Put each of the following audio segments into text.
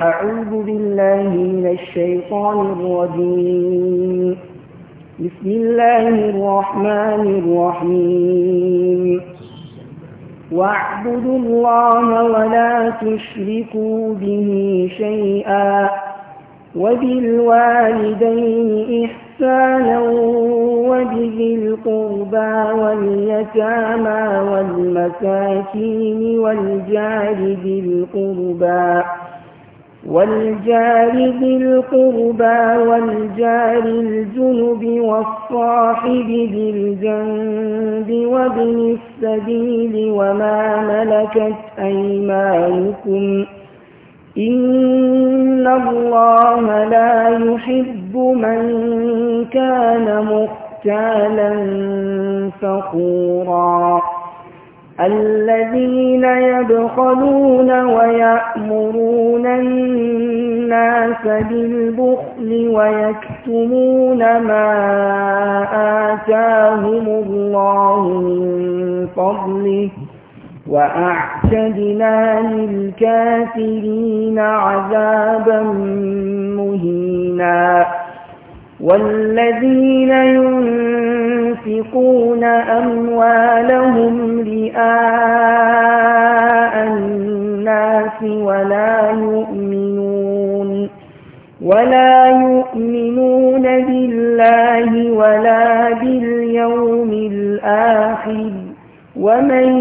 أعوذ بالله من الشيطان الرجيم بسم الله الرحمن الرحيم واعبدوا الله ولا تشركوا به شيئا وبالوالدين إحسانا وبذي القربى واليتامى والمساكين والجار ذي القربى والجار بالقربى والجار الجنب والصاحب بالجنب وابن السبيل وما ملكت أيمانكم إن الله لا يحب من كان مختالا فخورا الذين يبخلون ويأمرون الناس بالبخل ويكتمون ما آتاهم الله من فضله وأعتدنا للكافرين عذابا مهيناً والذين ينفقون أموالهم رئاء الناس ولا يؤمنون ولا يؤمنون بالله ولا باليوم الآخر ومن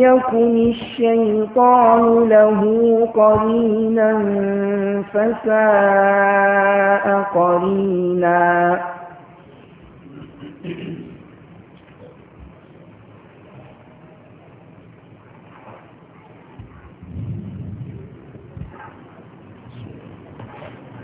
يكن الشيطان له قرينا فساء قرينا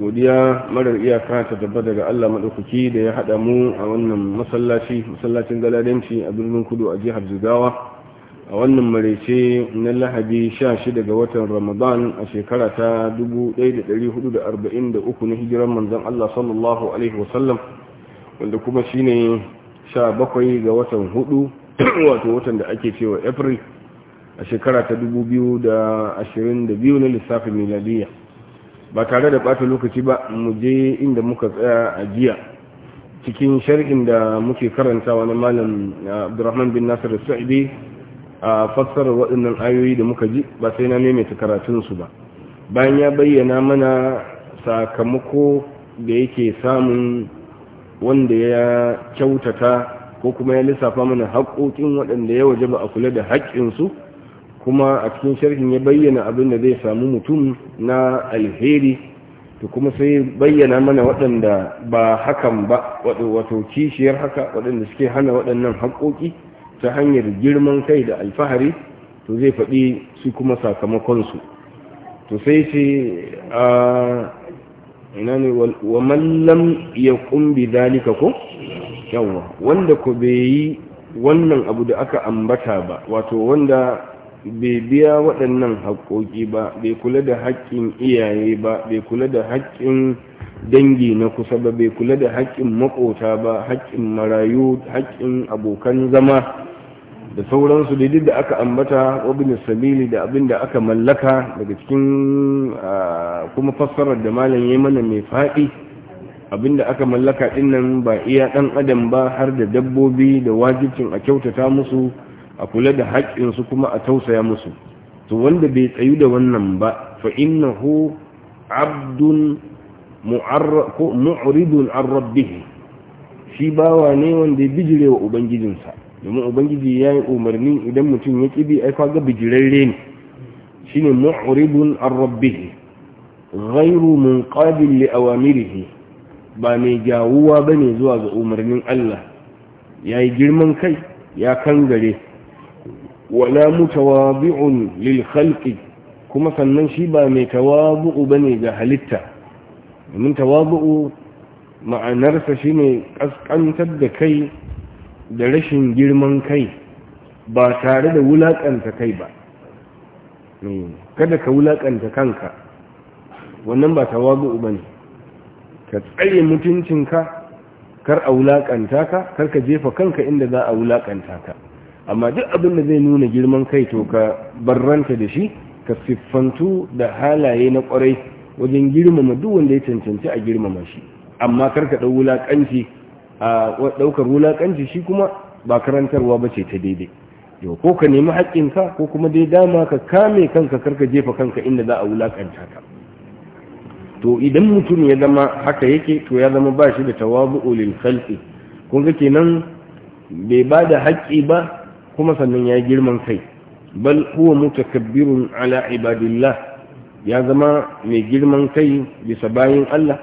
godiya marar iyaka ta tabbata daga Allah maɗaukaki da ya haɗa mu a wannan masallaci masallacin galadanci a birnin kudu a jihar Zugawa a wannan marece na lahadi 16 ga watan ramadan a shekara ta 1443 na hijiran manzon Allah sallallahu alaihi wasallam wanda kuma shine 17 ga watan hudu wato watan da ake cewa april a shekara ta 2022 na lissafin miladiyya ba tare da ɓata lokaci ba mu je inda muka tsaya a jiya cikin sharhin da muke karanta wani malam ah, abdurrahman bin nasir sa'idi a fassara waɗannan ayoyi da muka ji ba sai na karatun su ba bayan ya bayyana mana sakamako da yake samun wanda ya kyautata ko kuma ya lissafa mana haƙoƙin waɗanda ya waje ba a kula da haƙƙinsu kuma a cikin sharhin ya bayyana abin da zai samu mutum na alheri to kuma sai bayyana mana waɗanda ba hakan ba wato kishiyar haka waɗanda suke hana waɗannan haƙoƙi ta hanyar girman kai da alfahari to zai faɗi su kuma sakamakonsu to sai ce a ina ne wa mallam ya ƙumbi dalika ko yawa wanda ku bai yi wannan abu da aka ambata ba wato wanda bai biya waɗannan haƙoƙi ba bai kula da haƙƙin iyaye ba bai kula da haƙƙin dangi na kusa ba bai kula da haƙƙin maƙota ba haƙƙin marayu haƙƙin abokan zama da sauransu da duk da aka ambata wabin sabili da abin da aka mallaka daga cikin kuma fassarar da malam ya mana mai faɗi abin da aka mallaka ɗinnan ba iya ɗan adam ba har da dabbobi da wajibcin a kyautata musu a kula da su kuma a tausaya musu to wanda bai tsayu da wannan ba fa innahu abdun mu'ridun an rabbih shi bawa ne wanda ya bijire wa ubangijinsa domin ubangiji ya yi umarni idan mutum ya bi ai kaga bijirarre ne shine mu'ridun an rabbih ghairu munqabil li awamirihi ba mai jawuwa bane zuwa ga umarnin Allah yayi girman kai ya kangare wala mutawabi'un lil khalqi kuma sannan shi ba mai tawabu'u bane ga halitta domin tawabu'u ma'anarsa shine kaskantar da kai da rashin girman kai ba tare da wulakanta kai ba kada ka wulakanta kanka wannan ba tawabu'u bane ka tsare mutuncinka kar a wulakanta ka kar ka jefa kanka inda za a wulakanta ka amma duk abin da zai nuna girman kai to ka barranta da shi ka siffantu da halaye na kwarai wajen girmama duk wanda ya cancanci a girmama shi amma karka dau wulakanci a ɗaukar wulakanci shi kuma ba karantarwa ba ce ta daidai yau ko ka nemi haƙƙinka ko kuma dai dama ka kame kanka karka jefa kanka inda za a wulakanta ka to idan mutum ya zama haka yake to ya zama ba shi da tawabu'u lil khalqi kun ga kenan bai ba da haƙƙi ba kuma sannan ya girman kai bal huwa mutakabbirun ala ibadillah ya zama mai girman kai bisa bayin Allah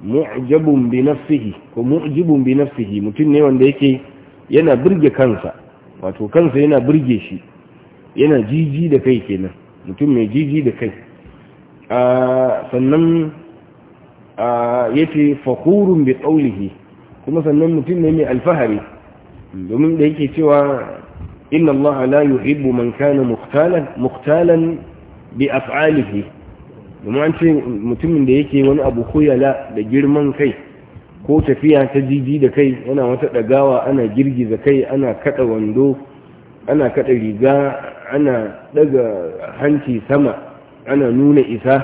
mu'jabun bi nafsihi ko mu'jibun bi nafsihi mutum ne wanda yake yana burge kansa wato kansa yana burge shi yana jiji da kai kenan mutum mai jiji da kai sannan ya ce fakhurun bi qawlihi kuma sannan mutum ne mai alfahari domin da yake cewa inna allaha la yuhibbu man kana mukhtalan bi af'alihi domin mutumin da yake wani abu kuyala da girman kai ko tafiya ta jiji da kai yana wata dagawa ana girgiza kai ana kada wando ana kada riga ana daga hanci sama ana nuna isa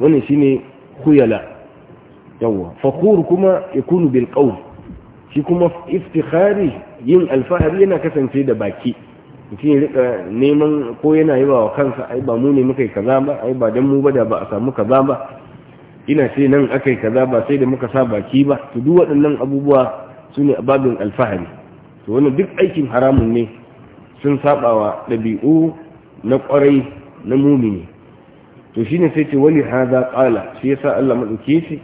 wani shine khuyala yawa fakhur kuma yakunu bil qawl shi kuma iftikhari yin alfahari yana kasance da baki mutum ya neman ko yana yi wa kansa ai ba mu muka yi kaza ba ai ba dan mu ba da ba a samu kaza ba ina ce nan aka yi kaza ba sai da muka sa baki ba to duk waɗannan abubuwa su ne babin alfahari to wani duk aikin haramun ne sun saba wa ɗabi'u na ƙwarai na mumini to shine sai ce wani hada ƙala shi yasa Allah maɗauke shi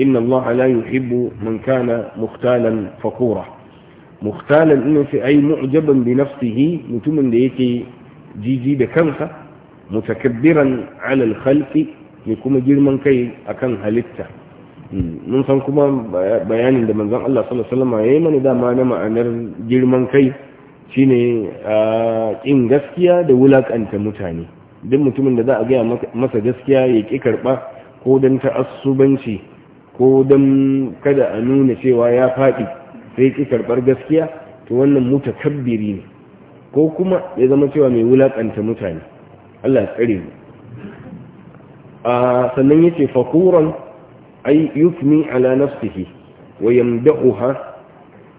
inna Allah la yuhibbu man kana muktalan fakura muhtalan ina ce ai mu'jaban bi nafsihi mutumin da yake jiji da kansa mutakabbiran ala al-khalqi ne kuma girman kai akan halitta mun san kuma bayanin da manzon Allah sallallahu alaihi wasallam yayi mana dama na ma'anar girman kai shine kin gaskiya da wulakanta mutane duk mutumin da za a gaya masa gaskiya ya ki karba ko dan ta'assubanci ko dan kada a nuna cewa ya faɗi sai ki karɓar gaskiya to wannan mutakabbiri ne ko kuma ya zama cewa mai wulakanta mutane Allah tsare mu a sannan yace fakuran ay yufni ala nafsihi wa yamdahuha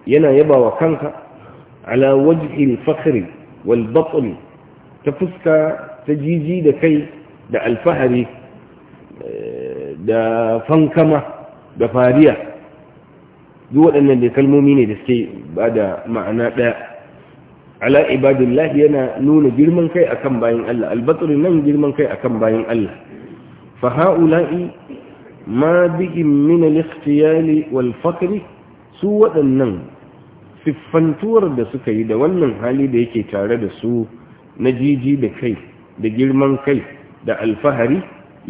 yana yabawa kanka ala wajhi al-fakhr wal batn ta fuska ta jiji da kai da alfahari eh, da fankama da fariya duk waɗannan da kalmomi ne da suke ba da ma'ana ɗaya ala ibadullahi yana nuna girman kai akan bayan Allah albatsuri nan girman kai akan bayan Allah fa ha'ula'i ma bihim min al-ikhtiyali wal su waɗannan siffantuwar da suka yi da wannan hali da yake tare da su na jiji da kai da girman kai da alfahari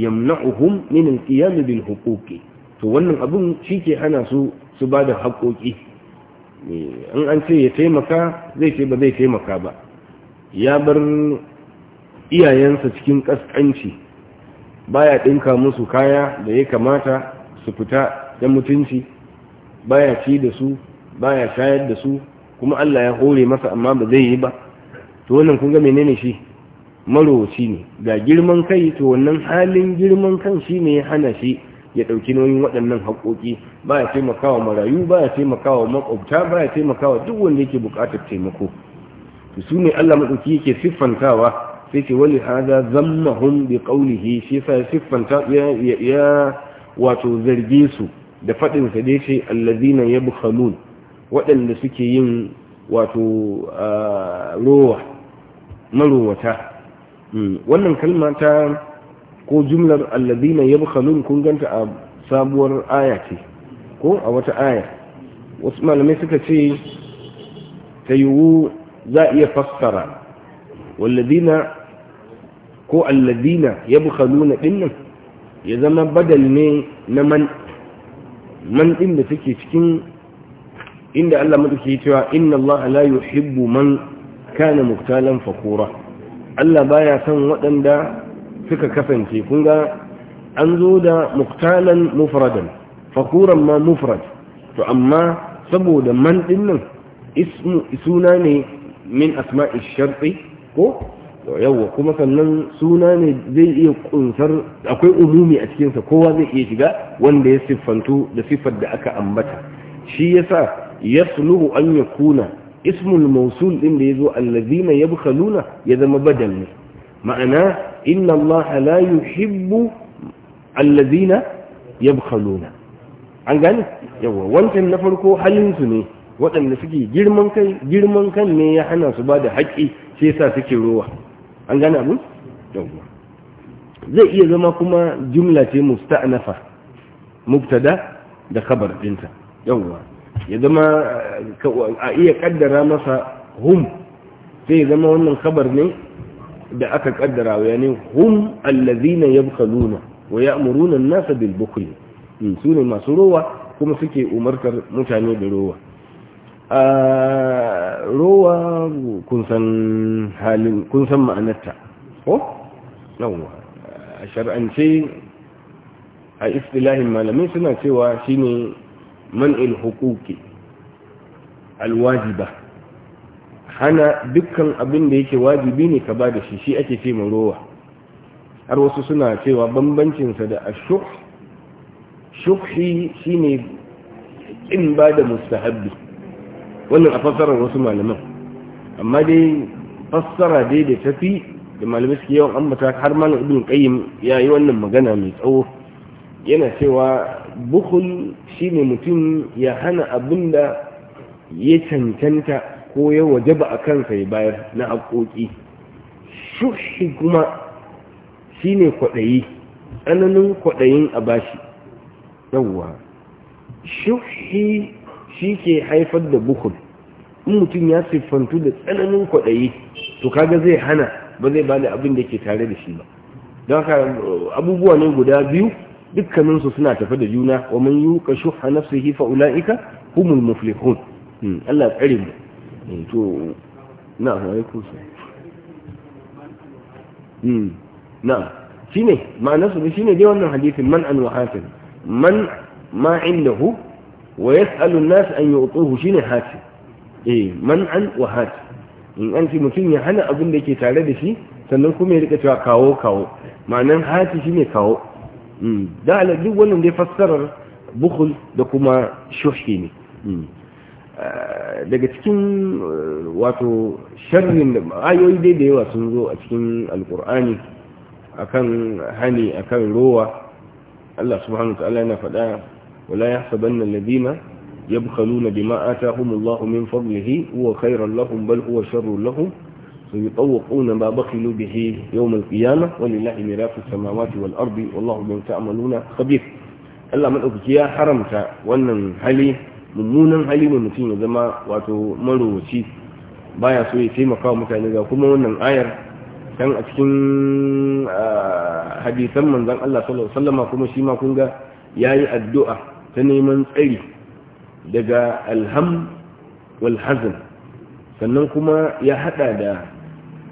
yamna'uhum min al-qiyam bil huquqi to wannan abun shike hana su su ba da haƙoƙi in an ce ya taimaka zai ce ba zai taimaka ba ya bar iyayensa cikin ƙasƙanci baya ɗinka musu kaya da ya kamata su fita da mutunci baya ci da su baya shayar da su kuma Allah ya hore masa amma ba zai yi ba to wannan kun ga menene shi marowaci ne ga girman kai to wannan halin girman kan shi ne ya hana shi ya ɗauki nauyin waɗannan haƙoƙi ba ya taimakawa marayu ba ya taimakawa makwabta ba ya taimakawa duk wanda yake buƙatar taimako to su ne Allah maɗauki yake siffantawa sai ce wani hada hun bi ƙaunihi shi sa ya siffanta ya wato zarge su da faɗin sa dai ce allazina yabkhalun waɗanda suke yin wato ah, rowa marowata hmm, wannan kalma ta ko jumlar alladina yabkhalun kun ganta a sabuwar aya ce ko a wata aya wasu malamai suka ce ta yiwu za iya fassara walladina ko alladina yabkhaluna dinnan ya zama badal ne na man man din da take cikin inda Allah madauki cewa inna Allah la yuhibbu man kana muktalan fakura Allah baya son waɗanda suka kasance kun ga an zo da muktalan mufradan fakuran ma mufrad to amma saboda man din nan suna ne min asma'i sharti ko yawwa kuma sannan suna ne zai iya kunsar akwai umumi a cikinsa kowa zai iya shiga wanda ya siffantu da siffar da aka ambata shi yasa yasluhu an yakuna ismul mausul din da yazo allazina yabkhaluna ya zama badal ne ma'ana inna allaha la yuhibbu allazina yabkhaluna an gane yawa wancan na farko halin su ne waɗanda suke girman kai girman kan ne ya hana su ba da haƙƙi sai sa suke rowa an gane abin yawa zai iya zama kuma jumla ce musta'nafa mubtada da khabar dinta yawa ya zama a iya kaddara masa hum sai ya zama wannan khabar ne da aka kaddara wa yani hum allazina yabkhaluna wa ya'muruna an-nasa bil bukhl mm, su ne masu rowa kuma suke umartar mutane da rowa a ah, rowa kun san halin kun san ma'anarta ko yawa a shar'ance a istilahin malamai suna cewa shine man'il huquqi alwajiba hana dukkan abin da yake wajibi ne ka ba da shi shi ake cewa rowa har wasu suna cewa bambancinsa da ashuh shukhi shine in ba da mustahabbi wannan a fassarar wasu malaman amma dai fassara dai da tafi da malamai suke yawan ambata har malam ibn qayyim ya yi wannan magana mai tsawo yana cewa bukhul shine mutum ya hana abinda ya cancanta ko ya ba a kansa ya bayar na haƙoƙi shuhi kuma shine kwaɗayi tsananin kwaɗayin a bashi yawwa shuhi shi ke haifar da bukul in mutum ya siffantu da tsananin kwaɗayi to kaga zai hana ba zai bada abin da ke tare da shi ba don haka abubuwa ne guda biyu dukkaninsu suna tafi da juna wa man yuka shuha nafsihi fa ulaika humul muflihun hmm, Allah tsare mu Mm, to na alaikun su mm, na shi ne ma'anarsu shi ne dai wannan hadithin man an wahafin man ma inda indahu wa yas'alu an yi an yu'tuhu shine hati eh man an wa in an ci mutum ya hana abin da ke tare da shi sannan kuma ya rika cewa kawo kawo ma'anan hati shine kawo mm, da duk wannan dai fassarar bukhul da kuma shuhi ne daga cikin eh, wato sharrin ayoyi dai da yawa sun zo a cikin alkur'ani akan hani akan rowa Allah subhanahu ta'ala yana faɗa wala yahsabanna alladhina yabkhaluna bima atahumullahu min fadlihi huwa khairan lahum bal huwa sharrun lahum سيطوقون ما بخلوا به يوم القيامة ولله ميراث السماوات والأرض والله بما تعملون خبير الله من أبكي يا وأن هلي mummunan hali ne mutum ya zama wato marowaci baya so ya taimaka wa mutane ga kuma wannan ayar can a cikin ah, hadisan manzan Allah sallama kuma shi ma kun ga yi addu'a ta neman tsari daga alham wal sannan kuma ya hada da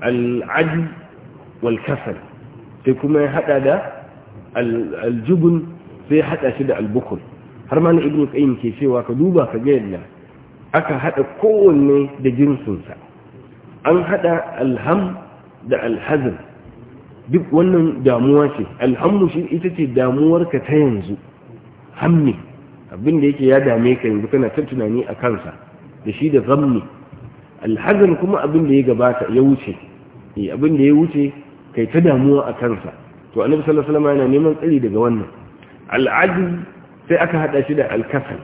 al'adi wal sai kuma ya hada da aljubun sai ya hada shi da albukul har ma na ibn qayyim ke cewa ka duba ka ga yadda aka hada kowanne da jinsinsa an hada alham da alhazan duk wannan damuwa ce alhamdu shi ita ce damuwarka ta yanzu hammi abin da yake ya dame ka yanzu kana ta tunani a kansa da shi da zammi alhazan kuma abin da ya gabata ya wuce eh, abin da ya wuce kai ta damuwa a kansa to annabi sallallahu alaihi wasallam yana neman tsari daga wannan al'ajiz sai aka hada shi da alkasal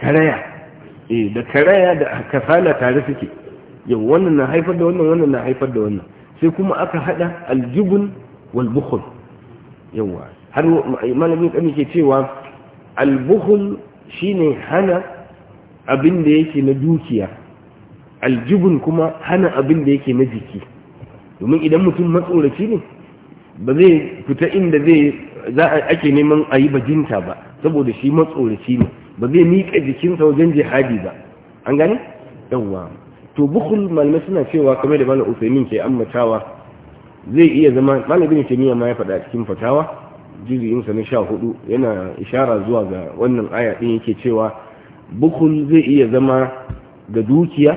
karaya eh, da karaya da kasala tare suke yau wannan na haifar da wannan wannan na haifar da wannan sai kuma aka hada aljubun wal Yauwa yawa har malamin kan yake cewa al shine hana abin da yake na dukiya aljubun kuma hana abin da yake na jiki domin idan mutum matsoraci ne ba zai fita inda zai za a ake neman a yi bajinta ba saboda shi matsoraci ne ba zai miƙa jikinsa wajen jihadi ba an gani? yawwa to bukul malamai suna cewa kamar da malam usaimin ke ammatawa zai iya zama malam bin taymiya ma ya faɗa cikin fatawa juzuyin sa na sha hudu yana ishara zuwa ga wannan aya ɗin yake cewa bukul zai iya zama ga dukiya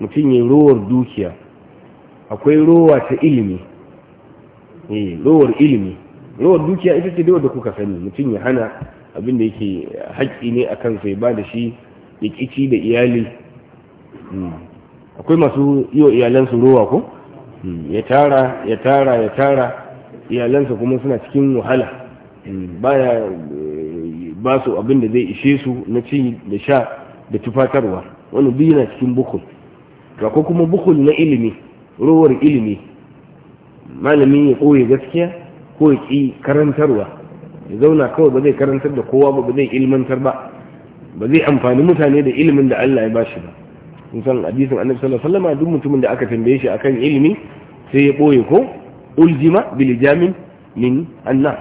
mutum ya rowar dukiya akwai rowa ta ilimi eh rowar ilimi yawan dukiya ita ce da kuka sani mutum ya hana abin yake haƙƙi ne a kansa ya ba da shi ya ƙici da iyali hmm. akwai masu yi wa iyalansu rowa ko hmm. ya tara ya tara ya tara iyalansa kuma suna cikin wahala hmm. baya eh, ba su abin da zai ishe su na ci da sha da tufatarwa wani biyu na cikin bukul ga ko kuma bukul na ilimi rowar ilimi malami ya ɓoye gaskiya ko ya ƙi karantarwa ya zauna kawai ba zai karantar da kowa ba ba zai ilmantar ba ba zai amfani mutane da ilimin da Allah ya ba shi ba kun san hadisin annabi sallallahu alaihi wasallam duk mutumin da aka tambaye shi akan ilimi sai ya boye ko uljima bil jamin min anna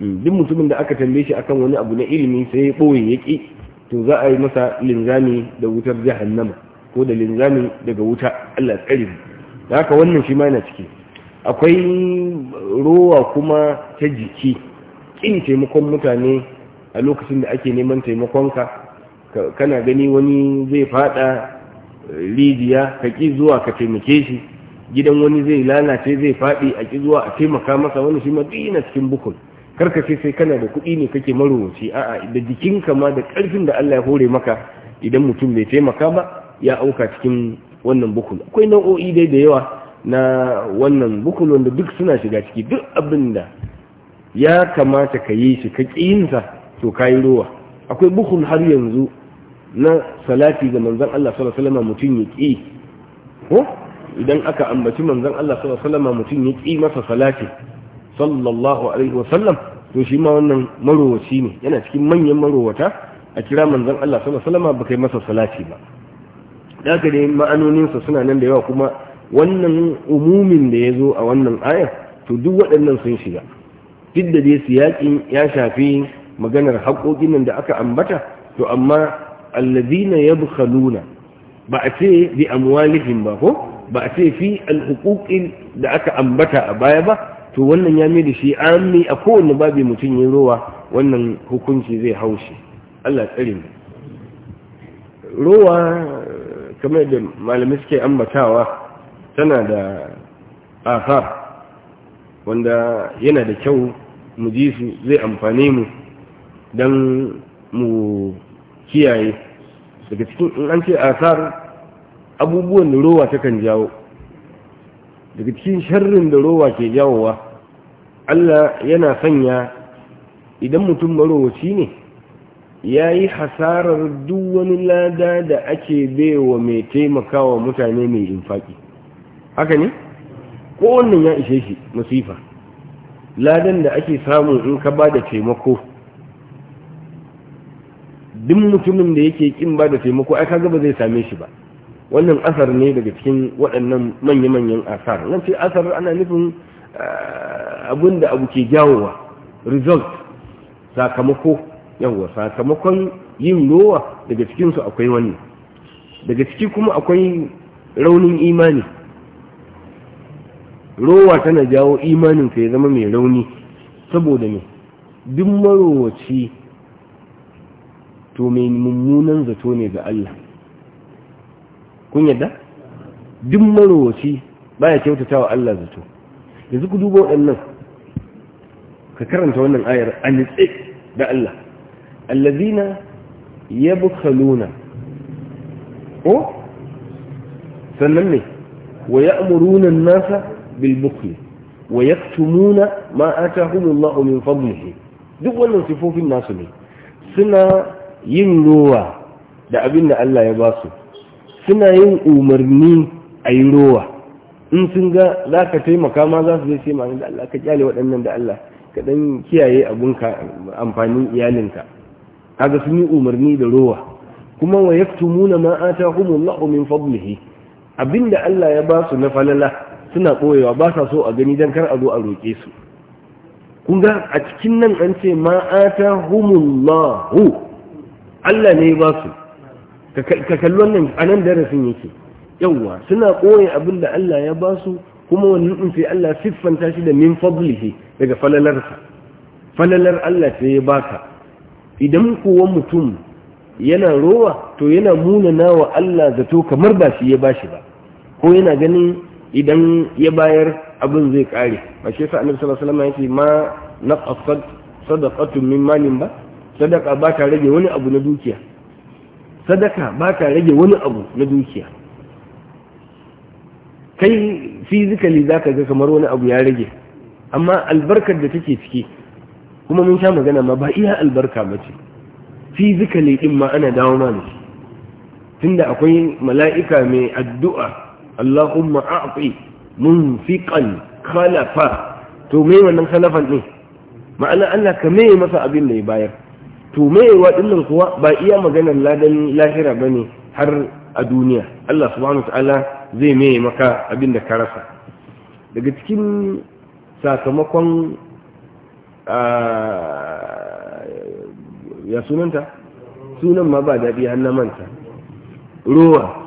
mm, duk mutumin da aka tambaye shi akan wani abu na ilimi sai ya boye ya ki to za a yi masa linzami da wutar jahannama ko da linzami daga wuta Allah ya tsare haka wannan shi ma yana ciki akwai ruwa kuma ta jiki ƙin taimakon mutane a lokacin da ake neman taimakonka kana gani wani zai fada rijiya ka ƙi zuwa ka taimake shi gidan wani zai lalace zai fadi a ƙi zuwa a taimaka masa wani shi matsayi na cikin bukun ce sai kana da kuɗi ne kake a a'a da jikinka ma da ƙarfin da Allah ya hore maka idan mutum bai taimaka ba ya auka cikin wannan bukun akwai nau'o'i dai da yawa na wannan bukul wanda duk suna shiga ciki duk abin da ya kamata ka yi shi ka ƙiyinsa to ka yi rowa akwai bukul har yanzu na salati ga manzan Allah sallallahu alaihi mutum ya ƙi ko idan aka ambaci manzan Allah sallallahu alaihi mutum ya ƙi masa salati sallallahu alaihi wasallam to shi ma wannan marowaci ne yana cikin manyan marowata a kira manzan Allah sallallahu alaihi ba kai masa salati ba da haka dai ma'anoninsa suna nan da yawa kuma wannan umumin da ya zo a wannan ayar to duk waɗannan sun shiga duk da dai ya shafi maganar haƙoƙin da aka ambata to amma allazina yabkhaluna ba a ce bi amwalihim ba ko ba a ce fi alhuquqin da aka ambata a baya ba to wannan ya mai da shi ammi a kowane babi mutum ya rowa wannan hukunci zai haushi Allah tsare mu rowa kamar da malamai suke ambatawa tana da asar wanda yana da kyau mu ji su zai amfane mu don mu kiyaye daga cikin in an ce asar abubuwan da rowa takan jawo daga cikin sharrin da rowa ke jawowa Allah yana sanya idan mutum marowaci ne ya yi hasarar duk wani lada da ake baiwa mai taimakawa mutane mai infaki haka ne ko wannan ya ishe shi musifa ladan da ake samu in ka ba da taimako duk mutumin da yake kin ba da taimako ai kaga ba zai same shi ba wannan asar ne daga cikin waɗannan manya-manyan asar nan ce asar ana nufin eh, abin da abu ke jawowa result sakamako yawwa sakamakon yin rowa daga cikinsu akwai wani. daga ciki kuma akwai raunin imani rowa tana jawo imanin ka ya zama mai rauni saboda ne duk marowaci to mai mummunan zato ne ga Allah kun yadda duk marowaci baya kyautata wa Allah zato yanzu ku duba waɗannan ka karanta wannan ayar a nitse da Allah allazina yabkhaluna o sannan ne wa ya'muruna an-nasa بالبخل ويكتمون ما آتاهم الله من فضله duk wannan sifofin nasu ne suna yin rowa da abin da Allah ya ba su suna yin umarni a yi rowa in sun ga za ka taimaka ma za su zai sai ma'anin da Allah ka kyale waɗannan da Allah ka ɗan kiyaye abinka amfanin iyalinka kaga sun yi umarni da rowa kuma wa yaktumuna ma atahumullahu min fadlihi da Allah ya ba su na falala suna ɓoyewa ba sa so a gani don kar a zo a roƙe su kun ga a cikin nan an ce ma ata humullahu Allah ne ba su ka kalli wannan a nan darasin yake yawwa suna ɓoye abin da Allah ya ba su kuma wannan in sai Allah siffanta shi da min fadlihi daga falalarsa falalar Allah sai ya baka idan kuwa mutum yana rowa to yana munana wa Allah zato kamar ba shi ya bashi ba ko yana ganin idan ya bayar abin zai kare ba shi yasa annabi sallallahu alaihi wasallam ma naqasat sadaqatun min malin ba sadaka ba ta rage wani abu na dukiya sadaka ba ta rage wani abu na dukiya kai physically zaka ga kamar wani abu ya rage amma albarkar da take ciki kuma mun sha magana ma ba iya albarka ba ce physically din ma ana dawo ma da shi tunda akwai mala'ika mai addu'a Allahumma a'ti munfiqan khalafa to me wannan khalafan ne ma'ana Allah ka me masa abin da ya bayar to me waɗannan kuwa ba iya maganar ladan lahira bane har a duniya Allah subhanahu wataala zai me maka abin da ka rasa daga cikin sakamakon ya sunanta sunan ma ba daɗi har na manta rowa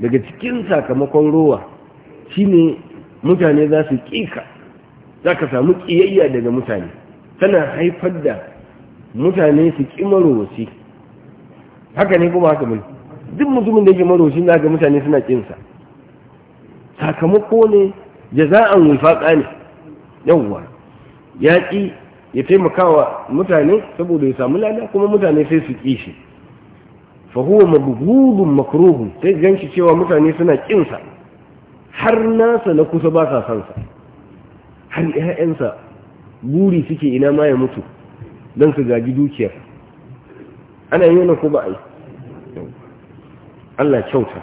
daga cikin sakamakon rowa shine mutane za su ƙika za ka samu ƙiyayya daga mutane tana haifar da mutane su ƙi marowaci haka ne kuma haka mun duk mutumin da ke marowacin na ga mutane suna ƙinsa sakamako ne za a wifaƙa ne yawwa ya ƙi ya taimakawa mutane saboda ya samu lada kuma mutane sai su ƙi shi fa huwa mabghudun sai sai ganshi cewa mutane suna kin sa har nasa na kusa ba sa san sa har sa buri suke ina ma ya mutu dan su gaji dukiya. ana yi wannan ko ba ai Allah kyauta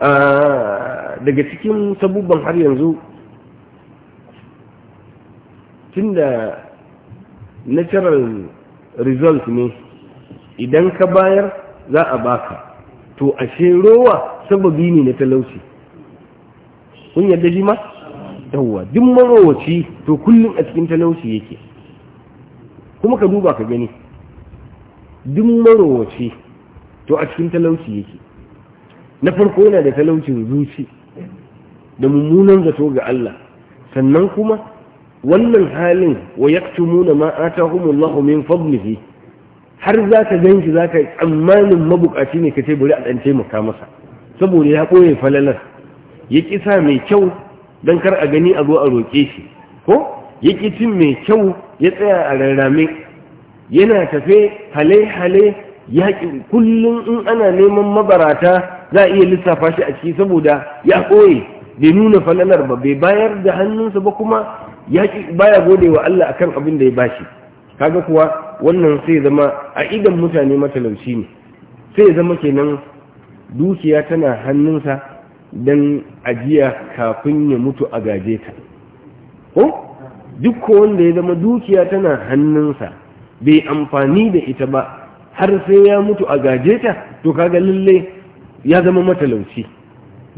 ah, daga cikin sabubban har yanzu tunda natural result ne idan ka bayar za a baka to ashe rowa sababi ne na talauci kun yadda shi ma yawwa duk marowaci to kullum a cikin talauci yake kuma ka duba ka gani duk marowaci to a cikin talauci yake na farko yana da talaucin zuci da mummunan zato ga Allah sannan kuma wannan halin wa yaktumuna ma atahumullahu min fadlihi har za ka gan shi za ka yi tsammanin mabukaci ne ka ce bari a ɗan taimaka masa saboda ya ɓoye falalar ya ƙi sa mai kyau don kar a gani a zo a roƙe shi ko ya ƙi cin mai kyau ya tsaya a rarrame yana tafe hale-hale ya ƙi kullum in ana neman mabarata za a iya lissafa shi a ciki saboda ya ɓoye bai nuna falalar ba bai bayar da hannunsa ba kuma ya baya gode wa Allah akan abin da ya bashi kaga kuwa wannan sai zama a idan mutane matalauci ne sai zama kenan dukiya tana hannunsa don ajiya kafin ya mutu a gaje ta ko duk wanda ya zama dukiya tana hannunsa bai amfani da ita ba har sai ya mutu a gaje ta to kaga lalle ya zama matalauci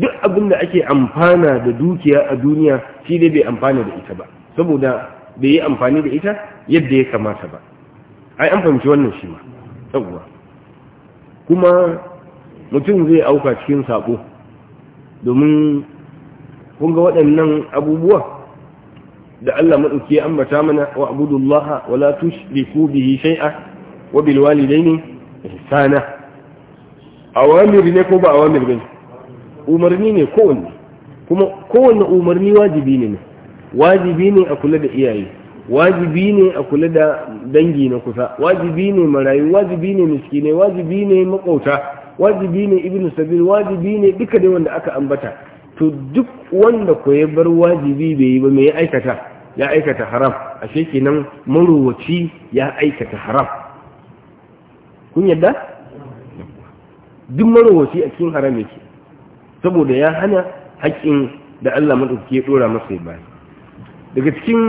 duk abin da ake amfana da dukiya a duniya shi dai bai amfana da ita ba saboda bai yi amfani da ita yadda ya kamata ba ai an fahimci wannan shi ma tsawuwa kuma mutum zai auka cikin sabo domin kun ga waɗannan abubuwa da Allah maɗauki ya ambata mana wa abudullaha wa la tushriku bihi shay'a wa bil walidaini ihsana awamir ne ko ba awamir bane umarni ne kowanne kuma kowanne umarni wajibi ne ne wajibi ne a kula da iyaye wajibi ne a kula da dangi na kusa wajibi ne marayu wajibi ne miskine wajibi ne makauta wajibi ne ibnu sabil wajibi ne duka dai wanda aka ambata to duk wanda ko ya bar wajibi bai yi ba me ya aikata ya aikata haram ashe nan marowaci ya aikata haram kun yadda duk marowaci a cikin haram yake saboda ya hana haƙƙin da Allah madauki ya ɗora masa ya bayar daga cikin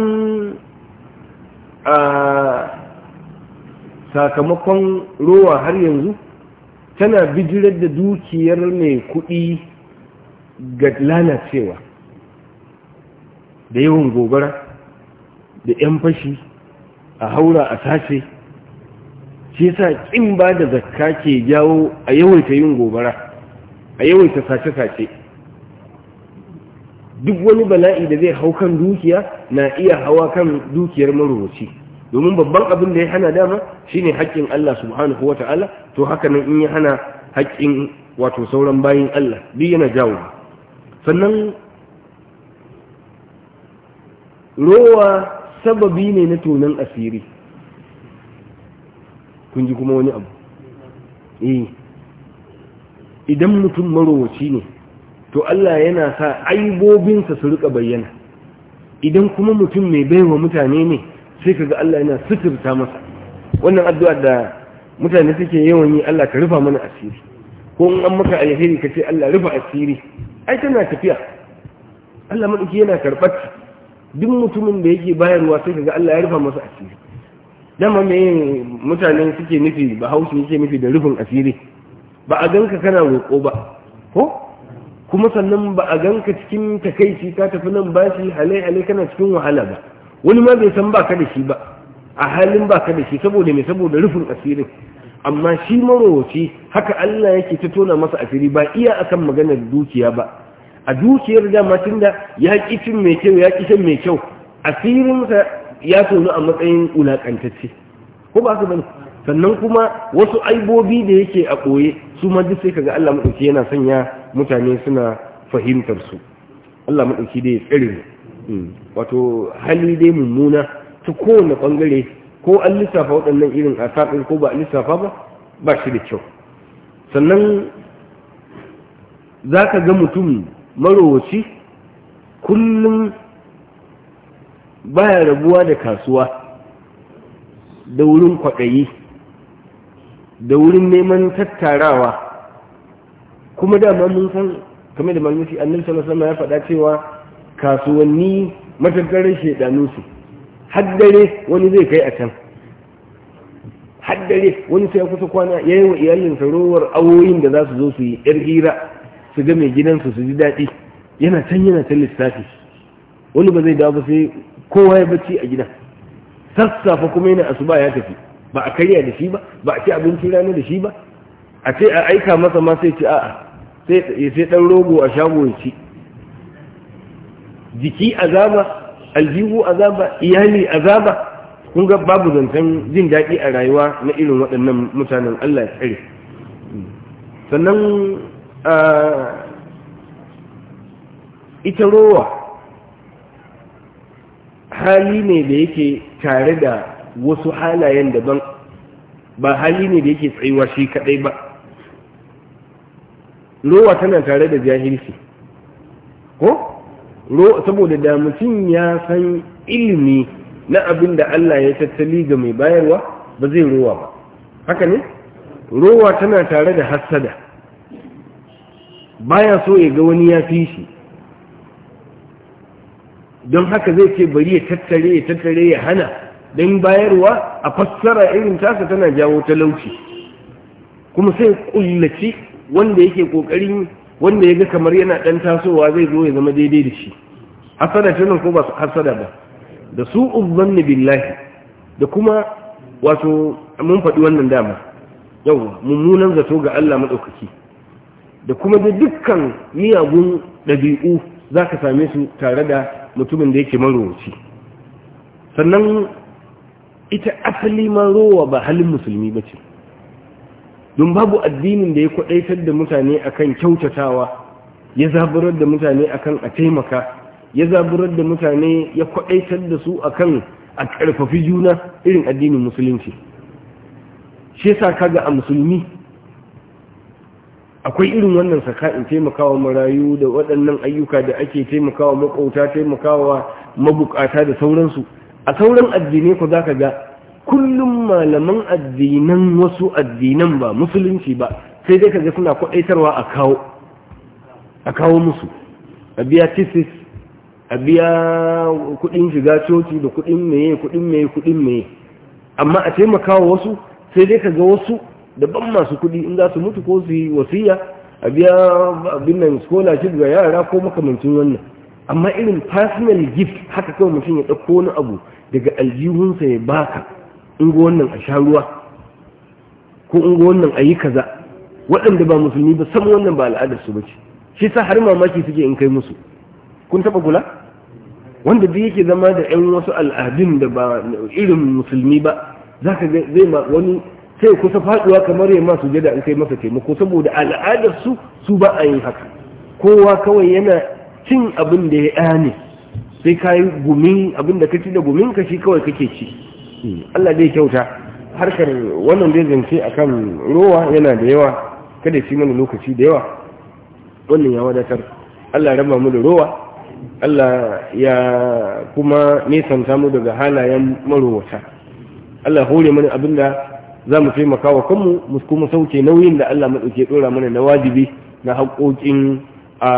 a sakamakon rowa har yanzu tana bijirar da dukiyar mai kuɗi ga lalacewa da yawan gobara da 'yan fashi a haura a sace shi sa ƙin ba da zakka ke jawo a yawaita yin gobara a yawaita sace-sace duk wani bala'i da zai hau kan dukiya na iya hawa kan dukiyar marubuci domin babban abin da ya hana dama shine haƙƙin Allah subhanahu wata'ala to haka nan in ya hana haƙƙin wato sauran bayin Allah duk yana jawo sannan rowa sababi ne na tonon asiri kun ji kuma wani abu eh. idan mutum marowaci ne to Allah yana sa aibobinsa su rika bayyana idan kuma mutum mai baiwa mutane ne sai kaga Allah yana suturta masa wannan addu'a da mutane suke yawan yi Allah ka rufa mana asiri ko in an maka alheri ka ce Allah rufa asiri ai tana tafiya Allah madauki yana karɓar duk mutumin da yake bayarwa sai kaga Allah ya rufa masa asiri dama me mutane suke nufi ba haushi yake nufi da rufin asiri ba a ganka kana roƙo ba ko kuma sannan ba a ganka cikin takaici ka tafi nan bashi halai halai kana cikin wahala ba wani ma bai san baka da shi ba a halin baka da shi saboda mai saboda rufin asirin amma shi marowaci haka Allah yake ta tona masa asiri ba iya akan maganar dukiya ba a dukiyar dama tunda ya ki cin mai kyau ya ki shan mai kyau asirinsa ya tonu a matsayin wulaƙantacce ko ba ba bane sannan kuma wasu aibobi da yake a ɓoye su ma duk sai kaga Allah maɗauki yana sanya mutane suna fahimtar su Allah maɗauki dai tsirin. Hmm. wato hali dai mummuna ta kowane ɓangare, ko an lissafa waɗannan irin a asaɗin ko ba a lissafa ba ba shi da kyau sannan za ka ga mutum marowaci kullum baya rabuwa da kasuwa da wurin kwaɗayi da wurin neman tattarawa kuma dama mun san kamar da malmuti annabi sallallahu alaihi ya faɗa cewa kasuwanni matakarar shedanu su haddare wani zai kai a can haddare wani sai ya kusa kwana ya yi wa iyalin rowar awoyin da za su zo su yi yar hira su ga mai gidansu su ji daɗi yana can yana can lissafi wani ba zai dawo ba sai kowa ya bacci a gidan sassafa kuma yana asuba ya tafi ba a karya da shi ba ba a ci abincin rana da shi ba a ce a aika masa ma sai ci a'a sai ɗan rogo a shago ya ci jiki azaba aljihu azaba iyali azaba kun ga babu zancen jin daɗi a rayuwa na irin waɗannan mutanen Allah ya tsare sannan ita rowa hali ne da yake tare da wasu halayen daban ba hali ne da yake tsayuwa shi kaɗai ba rowa tana tare da jahilci ko saboda da mutum ya san ilimi na abin da Allah ya tattali ga mai bayarwa ba zai rowa ba haka ne rowa tana tare da hassada baya so ya ga wani ya fi shi don haka zai ce bari ya tattare ya tattare ya hana don bayarwa a fassara irin tasa tana jawo talauci kuma sai kullaci wanda yake kokarin wanda ya ga kamar yana ɗan tasowa zai zo ya zama daidai da shi hasada tunan ko ba su hasada ba da su uzzanni billahi da kuma wato mun faɗi wannan dama yawa mummunan zato ga Allah madaukaki da kuma da dukkan miyagun ɗabi'u za ka same su tare da mutumin da yake marowaci sannan ita asali marowa ba halin musulmi ba ce don babu addinin da ya kwadaitar da mutane akan kyautatawa ya zaburar da mutane akan a taimaka ya zaburar da mutane ya kwadaitar da su akan a karfafi juna irin addinin musulunci shi yasa kaga a musulmi akwai irin wannan saka'in taimakawa marayu da waɗannan ayyuka da ake taimakawa makauta taimakawa mabukata da sauransu a sauran addinai za ka ga kullum malaman addinan wasu addinan ba musulunci ba sai dai kaga suna kwaɗaitarwa a kawo a kawo musu a biya tisis a biya kuɗin shiga coci da kuɗin meye kuɗin meye kuɗin meye amma a taimakawa wasu sai dai kaga wasu daban masu kuɗi in za su mutu ko su yi wasiya a biya abin nan scholarship ga yara ko makamancin wannan amma irin personal gift haka kawai mutum ya ɗauko wani abu daga aljihunsa ya baka ungo wannan a sha ruwa ko ungo wannan a yi kaza waɗanda ba musulmi ba san wannan ba al'adar su bace shi sa har mamaki suke in kai musu kun taba kula wanda duk yake zama da ƴan wasu al'adun da ba irin musulmi ba zaka ga zai ma wani sai kusa faɗuwa kamar ya masu jada in kai masa taimako saboda al'adar su su ba a yin haka kowa kawai yana cin abin da ya ɗane sai ka yi gumin abin da ka ci da gumin ka shi kawai kake ci ciki Allah zai kyauta harkar wannan zai zance kan rowa yana da yawa kada shi mana lokaci da yawa wannan ya wadatar Allah raba mu da rowa Allah ya kuma nesanta mu daga halayen marowata Allah hore mana da za mu taimaka wa kanmu mu kuma sauke nauyin da Allah maɗauke ɗora mana na wajibi na haƙoƙin a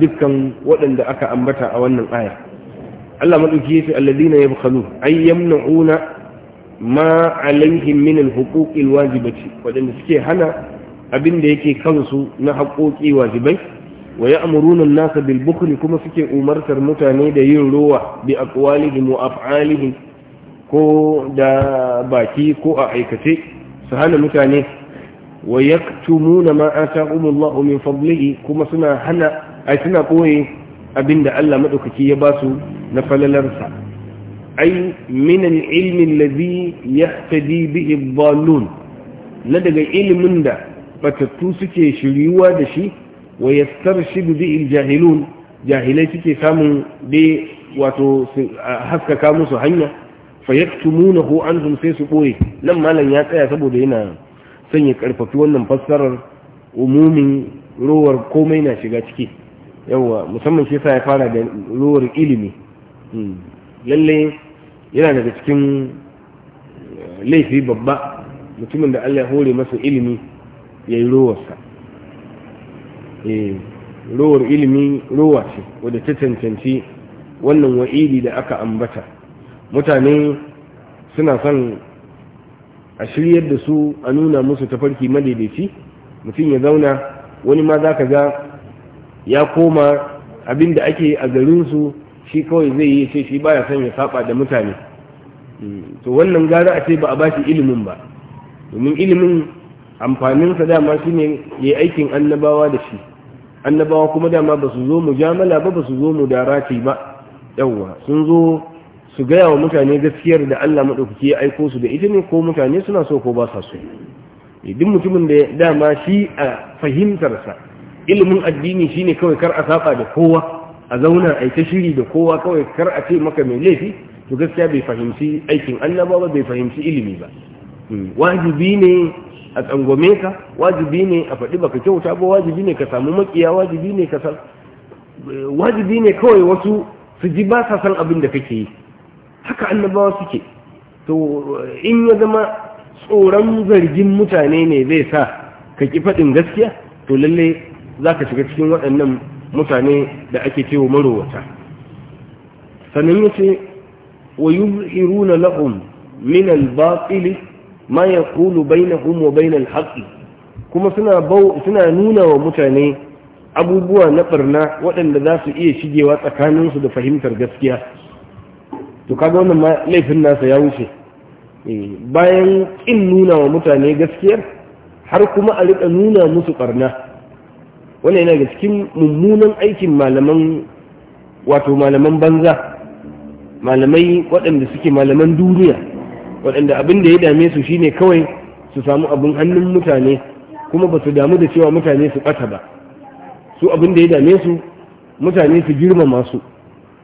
dukkan waɗanda aka ambata a wannan aya. Allah maɗauki ya ce allazina ya bukhalu na'una yamna'una ma alaihim min al-huquq wajibati wadanda suke hana abin da yake kansu na haƙoƙi wajibai wa ya'muruna an-nasa bil bukhl kuma suke umartar mutane da yin ruwa bi aqwalihim wa af'alihim ko da baki ko a aikace su hana mutane wa yaktumuna ma ata'umullahu min fadlihi kuma suna hana ai suna abinda Allah maɗaukaki ya ba su na falalarsa ai min al-ilmi alladhi yahtadi bihi ad na daga ilimin da fatattu suke shiriwa da shi wa yastarshidu bihi al-jahilun jahilai suke samun da wato haskaka musu hanya fa yaktumunahu anhum sai su boye nan malam ya tsaya saboda yana sanya karfafi wannan fassarar umumin rowar komai na shiga ciki yawa musamman shi sa ya fara da rowar ilimi Hmm. lalle yana daga cikin eh, laifi babba mutumin da Allah ya hore masa ilimi ya yi rowarsa eh, rowar ilimi rowa ce wadda ta cancanci wannan wa'idi da aka ambata mutane suna son a shiryar da su a nuna musu tafarki madaidaici mutum ya zauna wani ma za ka za ya koma abin da ake a garinsu shi kawai zai yi ce shi baya son ya saba da mutane to wannan gara a ce ba a ba shi ilimin ba domin ilimin amfaninsa dama shi ne ya aikin annabawa da shi annabawa kuma dama ba su zo mujamala ba ba su zo mudarati ba yawwa sun zo su gaya wa mutane gaskiyar da Allah maɗaukaki ya aiko su da ita ne ko mutane suna so ko ba sa so Idan eh, mutumin da dama shi a fahimtarsa ilimin addini shine kawai kar a saba da kowa a zauna a ta shiri da kowa kawai kar a ce maka mai laifi to gaskiya bai fahimci aikin annaba ba bai fahimci ilimi ba hmm. wajibi ne a tsangwame ka wajibi ne a faɗi baka kyauta ba wajibi ne ka samu makiya wajibi ne ka san wajibi ne kawai wasu su ji ba sa san abin da kake yi haka annabawa suke to in ya zama tsoron zargin mutane ne zai sa ka ki faɗin gaskiya to lalle za ka shiga cikin waɗannan mutane da ake cewa marowata sannan yace wa yuzhiruna lahum min al-batil ma yaqulu bainahum wa bain al-haqq kuma suna suna nuna wa mutane abubuwa na barna waɗanda za su iya shigewa tsakaninsu da fahimtar gaskiya to kaga wannan ma laifin nasa ya wuce eh, bayan ƙin nuna wa mutane gaskiyar har kuma a riƙa nuna musu ɓarna wannan yana da cikin mummunan aikin malaman wato malaman banza malamai waɗanda suke malaman duniya waɗanda abin da ya dame su shine kawai su samu abin hannun mutane kuma ba su damu da cewa mutane su ɓata ba su abin da ya dame su mutane su girmama su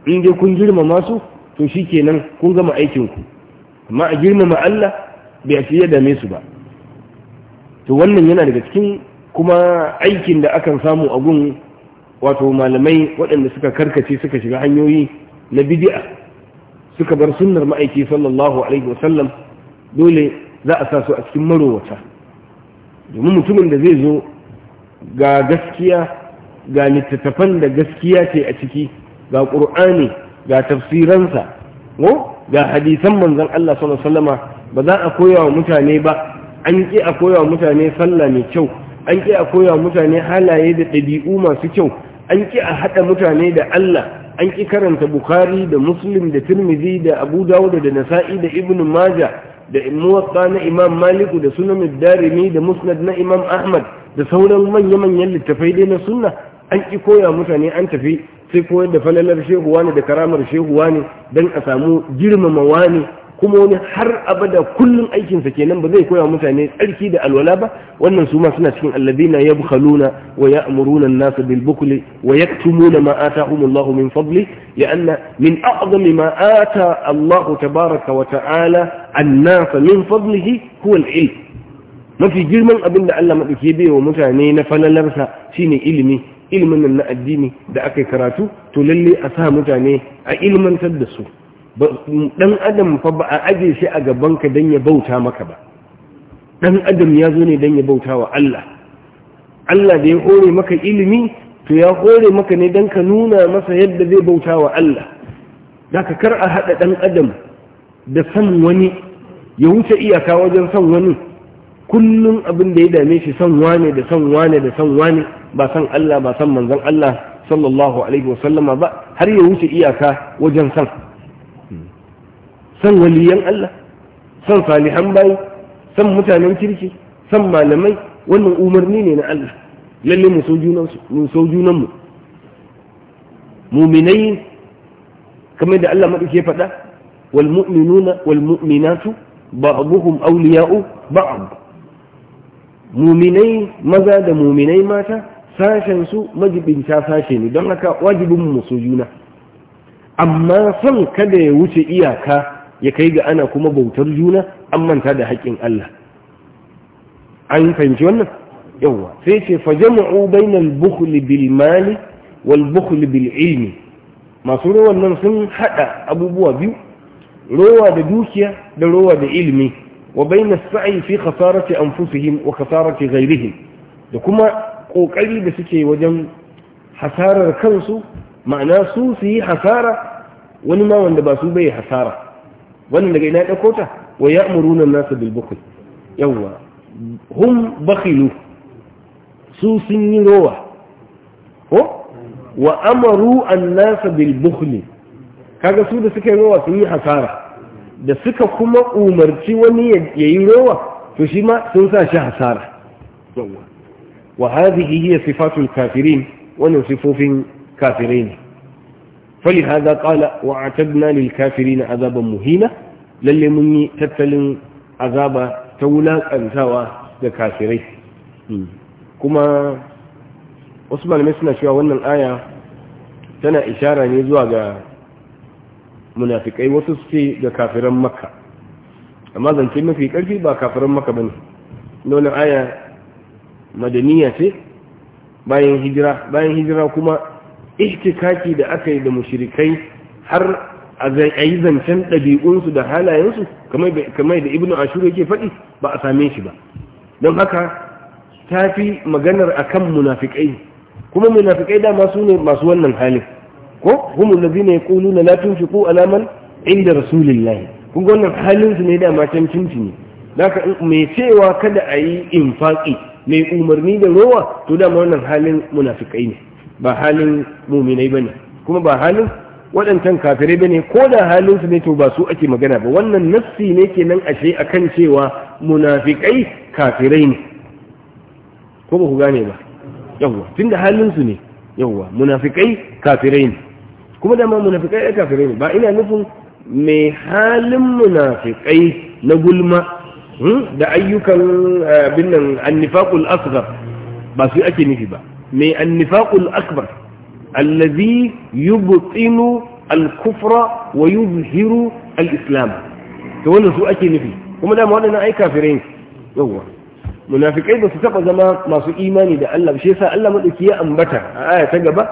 in dai kun girmama su to shi kenan kun gama aikinku amma a girmama Allah bai a ya dame su ba to wannan yana daga cikin kuma aikin da akan samu a gun wato malamai waɗanda suka karkace suka shiga hanyoyi na bidi'a suka bar sunnar ma'aiki sallallahu alaihi wasallam dole za a sa su a cikin marowata domin mutumin da zai zo ga gaskiya ga littattafan da gaskiya ce a ciki ga ƙur'ani ga tafsiransa ga hadisan manzon Allah sallallahu alaihi wasallama ba za a koya wa mutane ba an ki a koya wa mutane sallah mai kyau an ƙi a koya mutane halaye da ɗabi'u masu kyau an ƙi a haɗa mutane da Allah an ƙi karanta Bukhari da Muslim da Turmizi da Abu Dawud da Nasa'i da Ibn Maja da Muwatta na Imam Malik da Sunan Darimi da Musnad na Imam Ahmad da sauran manya-manyan littafai dai na sunna an ƙi koya mutane an tafi sai koyar da falalar shehuwa ne da karamar shehuwa ne, don a samu girmama wani kuma wani har abada kullum aikinsa kenan ba zai koya mutane tsarki da alwala ba wannan su ma suna cikin alladina yabkhaluna wa ya'muruna an-nas bil bukli wa yaktumuna ma atahum Allah min fadli li'anna min a'zami ma ata Allah tabaaraka wa ta'ala an-nas min fadlihi huwa al-ilm mafi girman abin da Allah madauke bai wa mutane na falalarsa shine ilimi ilimin nan na addini da aka karatu to lalle a sa mutane a ilmantar da su ɗan adam fa ba a aje shi a gaban ka dan ya bauta maka ba ɗan adam ya zo ne dan ya bauta wa Allah Allah da ya hore maka ilimi to ya hore maka ne dan ka nuna masa yadda zai bauta wa Allah daga kar a haɗa ɗan adam da san wani ya wuce iyaka wajen san wani kullum abin da ya dame shi san wane da san wane da san wane ba san Allah ba san manzon Allah sallallahu alaihi wasallama ba har ya wuce iyaka wajen san san waliyan Allah san salihan bayi san mutanen kirki san malamai wannan umarni ne na Allah lalle mu so junansu mu so junanmu muminai kamar da Allah madauke faɗa wal mu'minuna wal mu'minatu ba'dhum awliya'u ba'd muminai maza da muminai mata sashen su ta sashe ne don haka wajibin mu so juna amma san kada ya wuce iyaka ya kai ga ana kuma bautar juna an manta da haƙƙin Allah an fahimci wannan yawa sai ce fa jama'u bainal bukhli bil mali wal bukhli bil ilmi masu rowan nan sun hada abubuwa biyu rowa da dukiya da rowa da ilmi wa bainas sa'i fi khasarati anfusihim wa khasarati ghayrihim da kuma kokari da suke wajen hasarar kansu ma'ana su su yi hasara wani ma wanda ba su bai hasara wannan daga ina ɗauko ta wa ya amuruna nasu bilbukul yawwa hum bakhilu su sun yi rowa ko wa amaru an nasa bilbukuli kaga su da suka yi rowa sun yi hasara da suka kuma umarci wani ya yi rowa to shi ma sun sa shi hasara wa hadhihi hiya sifatul kafirin wannan sifofin kafirai ne فلهذا قال واعتدنا للكافرين عذابا مهينا للي مني تتلن عذابا تولا أنساوا لكافرين كما Usman Misna cewa wannan aya tana ishara ne zuwa ga munafikai wasu suke ga kafiran Makka amma zance mafi karfi ba kafiran Makka bane wannan aya madaniya ce bayan hijira bayan hijira kuma ihtikaki da aka yi da mushrikai har a yi zancen ɗabi'unsu da halayensu kamar da ibnu ashur yake faɗi ba a same shi ba don haka ta fi maganar akan munafikai kuma munafikai dama su ne masu wannan halin ko ya ladina yaquluna la tunfiqu ko alaman inda rasulillah kun ga wannan halin ne dama can ne naka mai cewa kada a yi mai umarni da rowa to dama wannan halin munafikai ne ba halin muminai bane kuma ba halin waɗancan kafirai bane ko da halin su ne to ba su ake magana ba wannan nassi ne kenan ashe akan cewa munafikai kafirai ne ko ba ku gane ba yawwa tunda halin su ne yawwa munafikai kafirai ne kuma dama munafikai kafirai ne ba ina nufin mai halin munafikai na gulma hmm, da ayyukan eh, binnan annifaqul asghar ba su ake nufi ba النفاق الأكبر الذي يبطن الكفر ويظهر الإسلام تقول سوء أكين فيه هم دام وانا أي كافرين يوه منافقين بس تقوى زمان ما في إيمان إذا ألا بشيسا ألا من إكياء أنبتا آية تقبى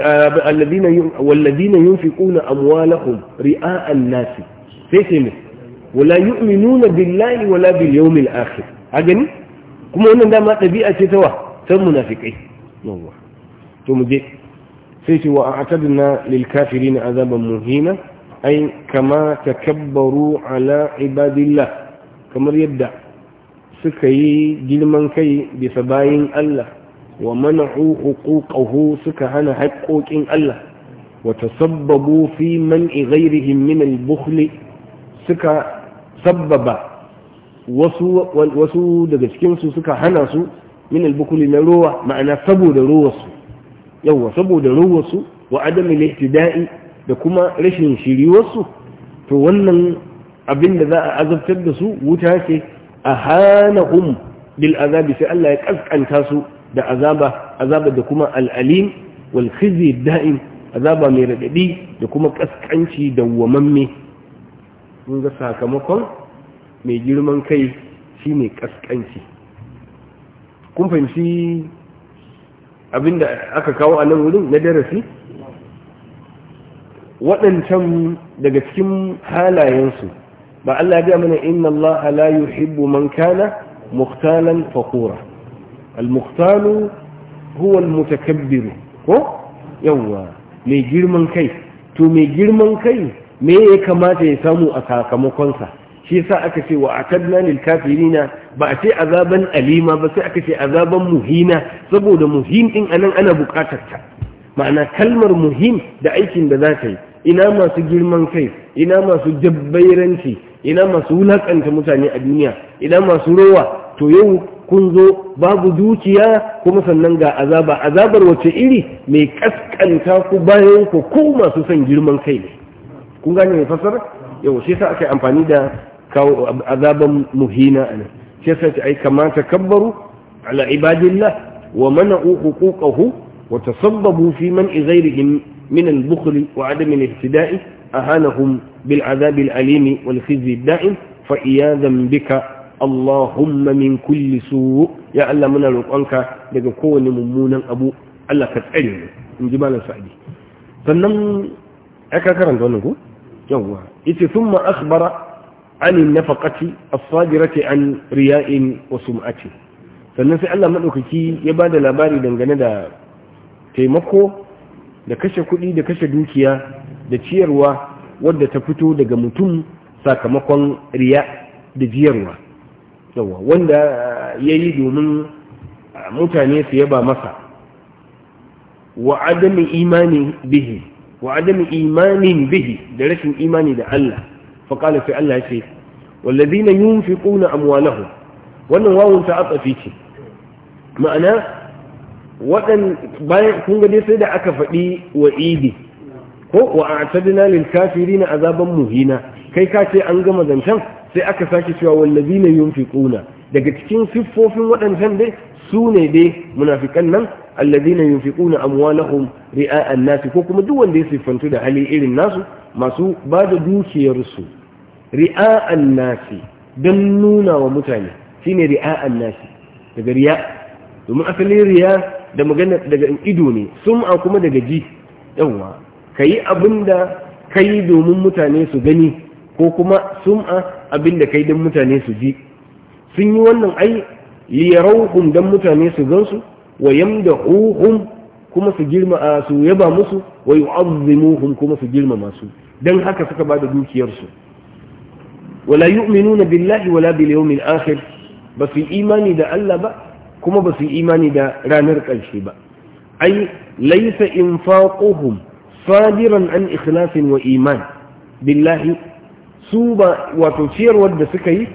آه، الذين والذين ينفقون أموالهم رئاء الناس فيسهم ولا يؤمنون بالله ولا باليوم الآخر أجن كما هنا دام ما تتوى san munafikai yawwa to mu sai ce wa a'tadna lil kafirin azaban muhina ai kama takabbaru ala ibadillah kamar yadda suka yi girman kai bisa bayin Allah wa man'u huquqahu suka hana haƙoƙin Allah wa tasabbabu fi man'i ghairihim min al suka sabbaba wasu daga cikinsu suka hana su min albukuli na rowa ma'ana saboda rowarsu yawwa saboda rowarsu wa adamin ihtida'i da kuma rashin shiriwarsu to wannan abin da za a azabtar da su wuta ce a hanahum bil azabi sai Allah ya kaskanta su da azaba azaba da kuma al'alim wal khizi azaba mai radadi da kuma kaskanci dawwamamme mun ga sakamakon mai girman kai shine kaskanci kun fahimci abinda aka kawo a nan wurin na darasi waɗancan daga cikin halayensu ba Allah ya mana inna Allah la yuhibbu man kana muhtalan faqura al-muhtalu huwa al-mutakabbir ko yawa mai girman kai to mai girman kai me ya kamata ya samu a sakamakonsa shi sa aka ce wa atadna lil kafirina ba a ce azaban alima ba sai aka ce azaban muhina saboda muhim din anan ana bukatar ta ma'ana kalmar muhim da aikin da za ta yi ina masu girman kai ina masu jabbairanci ina masu wulakanta mutane a duniya ina masu rowa to yau kun zo babu dukiya kuma sannan ga azaba azabar wace iri mai kaskanta ku bayan ku ko masu son girman kai ne kun gane mai fasara yau shi sa aka yi amfani da عذابا مهينا أنا كفت أي كما تكبروا على عباد الله ومنعوا حقوقه وتسببوا في منع غيرهم من البخل وعدم الاهتداء أهانهم بالعذاب الأليم والخزي الدائم فإياذا بك اللهم من كل سوء يا ألا من القرآنك لقوان ممونا أبو ألا كتعلم من جبال الفعدي فنم أكا كرن دون نقول ثم أخبر عن النفقة الصادرة عن رياء وسمعة sannan sai Allah maɗaukaki ya ba da labari dangane da taimako da kashe kuɗi da kashe dukiya da ciyarwa wadda ta fito daga mutum sakamakon riya da jiyarwa wanda ya yi domin mutane su yaba masa wa imani bihi wa imanin bihi da rashin imani da Allah faƙala sai Allah ce wallazina yunfiquna amwalahum wannan wawun ta atsafi ce ma'ana wadan bayan kun ga dai sai da aka faɗi wa'idi ko wa a'tadna lil kafirina azaban muhina kai ka ce an gama zancen sai aka sake cewa wallazina yunfiquna daga cikin siffofin waɗancan dai su ne dai munafikan nan alladhina yunfiquna amwalahum ri'a an-nas ko kuma duk wanda ya sifantu da hali irin nasu masu ba da dukiyar su ri'a an-nas dan nuna wa mutane shine ri'a an-nas daga riya domin asalin riya da magana daga ido ne sum'a kuma daga ji yawa kai abinda kai domin mutane su gani ko kuma sum'a abinda kai don mutane su ji sun yi wannan ai liyarauhum don mutane su gansu wa yamdahuhum kuma su girma su yaba musu wa yu'azzimuhum kuma su girma masu dan haka suka bada dukiyar su wala yu'minuna billahi wala bil yawmil akhir ba su imani da Allah ba kuma ba su imani da ranar ƙarshe ba ai laysa infaquhum sadiran an ikhlasin wa iman billahi su ba wato ciyarwar da suka yi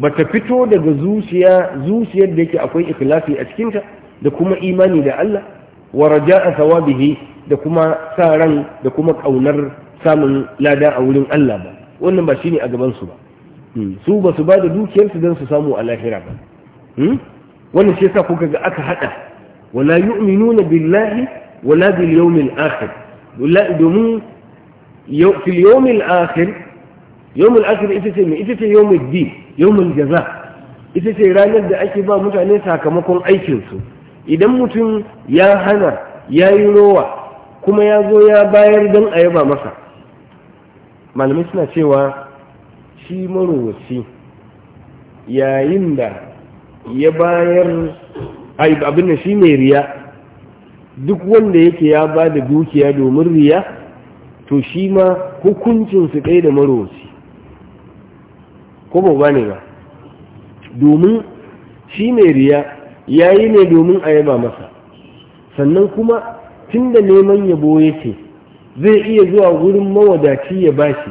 ba ta fito daga zuciya zuciyar da yake akwai ikhlasi a cikinta da kuma imani da Allah wa raja'a thawabihi da kuma sa ran da kuma kaunar samun lada a wurin Allah ba wannan ba shine a gaban su ba hmm. su ba su ba da dukiyarsu don su samu a lahira ba hmm? wannan shi yasa kuka ga aka hada wala yu'minuna billahi wala bil yawmil akhir domin fil yawmil akhir yawmil akhir ita ce mai ita ce yawmul din yawmul jaza ita ce ranar da ake ba mutane sakamakon aikin su idan mutum ya hana ya yi rowa kuma ya zo ya bayar don a yaba masa malamai suna cewa shi marowaci yayin da ya bayar abin da shi mai riya duk wanda yake ya ba da dukiya domin riya to shi ma hukuncinsu ɗaya da marowaci ko ba ne ba domin shi mai riya yayi ne domin a yaba masa sannan kuma tunda neman yabo ya ce, zai iya zuwa wurin mawadaci ya bashi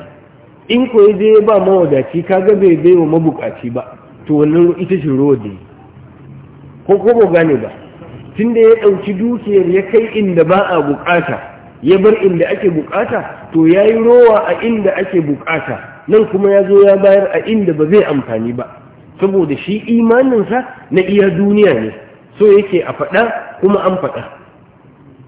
in ko je ba mawadaci kaga bai bai wa mabukaci ba to wannan ita shi ruwa da ko ko ba gane ba tunda ya ɗauki dukiyar ya kai inda ba a bukata ya bar inda ake bukata to ya yi rowa a inda ake bukata nan kuma ya zo ya bayar a inda ba zai amfani ba saboda shi imaninsa na iya duniya ne so yake a faɗa kuma an faɗa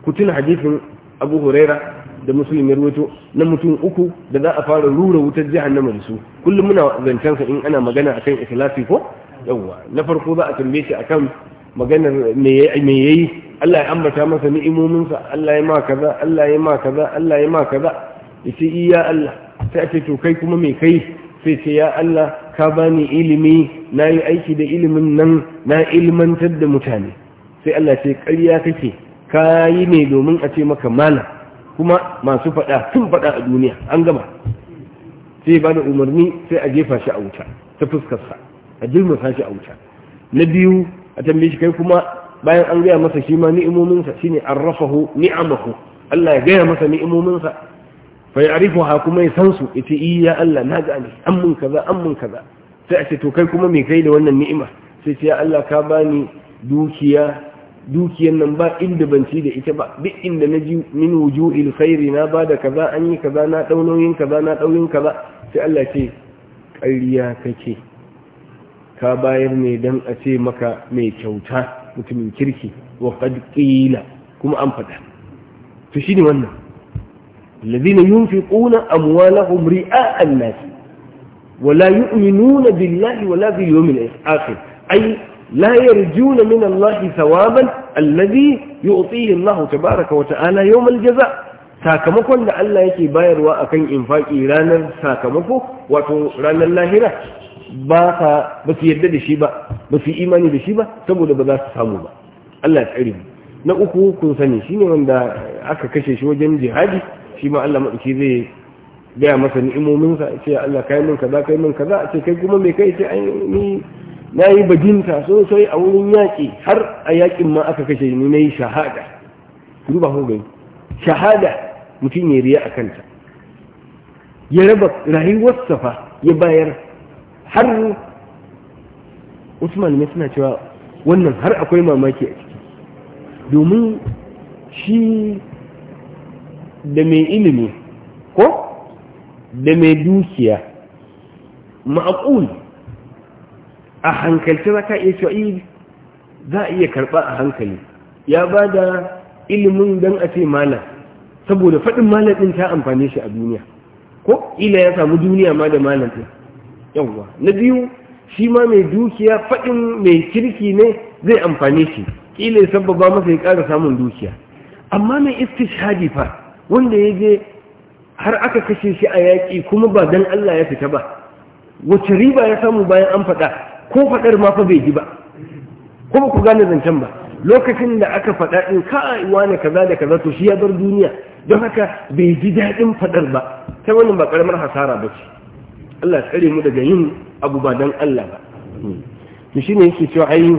ku tuna hadisin abu huraira da musulmi ruwato na mutum uku da za a fara rura wutar jiha da su kullum muna zancensa in ana magana akan ikhlasi ko yawwa na farko za a tambaye shi akan maganar me yayi Allah ya ambata masa ni'imominsa Allah ya ma kaza Allah ya ma kaza Allah ya ma kaza ce iya Allah sai ce to kai kuma me kai sai ce ya Allah ka bani ilimi na yi aiki da ilimin nan na ilmantar da mutane sai Allah ce ƙarya kake ka yi ne domin a ce maka mala kuma masu faɗa sun faɗa a duniya an gama sai ba da umarni sai a jefa shi a wuta ta fuskarsa a jirmasa shi a wuta na biyu a tambaye shi kai kuma bayan an gaya masa shi ma ni'imominsa shine arrafahu ni'amahu Allah ya gaya masa ni'imominsa fayarifuha kuma ya san su ita iya Allah na gane an mun kaza an mun kaza sai a ce to kai kuma me kai da wannan ni'ima sai ce ya Allah ka bani dukiya dukiyan nan ba inda ban ci da ita ba duk inda na ji min wujuhil khairi na bada kaza an yi kaza na daunoyin kaza na daunoyin kaza sai Allah ce ƙarya kake ka bayar ne dan a ce maka mai kyauta mutumin kirki wa qad qila kuma an fada to shine wannan الذين ينفقون أموالهم رئاء الناس ولا يؤمنون بالله ولا باليوم الآخر أي لا يرجون من الله ثوابا الذي يعطيه الله تبارك وتعالى يوم الجزاء ساكمكو أن الله يكي باير وأكين إنفاق إيرانا ساكمكو وطوران الله رح باقى بس يدد شيبا بس إيمان بشيبا سبود بذات سامو الله تعلم نأكو كنساني شيني وان دا أكا كشيش وجن جهادي shi ma Allah maɗauki zai gaya masa ni'imominsa ya ce Allah kai min kaza kai min kaza a ce kai kuma mai kai ce ai ni na yi bajinta sosai a wurin yaƙi har a yaƙin ma aka kashe ni na shahada duba ku gani shahada mutum ya riya a kanta ya raba rayuwar safa ya bayar har usman ne suna cewa wannan har akwai mamaki a ciki domin shi da mai ilimi ko da mai dukiya ma'akul a hankalci za ka iya cewa eh, za a iya karɓa a hankali ya ba da ilimin don a ce malam saboda faɗin malamin ta amfani shi a duniya ko ila ya samu duniya ma da malam ɗin yawwa na biyu shi ma mai dukiya faɗin mai kirki ne zai amfani shi ƙila ya sababa masa ya ƙara samun dukiya amma mai istishadi fa wanda ya je har aka kashe shi a yaƙi kuma ba dan Allah ya fita ba wacce riba ya samu bayan an faɗa ko faɗar ma fa bai ji ba ko ba ku gane zancen ba lokacin da aka faɗa in ka a iwane kaza da kaza to shi ya bar duniya don haka bai ji daɗin faɗar ba ta wannan ba ƙaramar hasara ba ce Allah ya tsare mu daga yin abu ba don Allah ba to ne yake cewa ai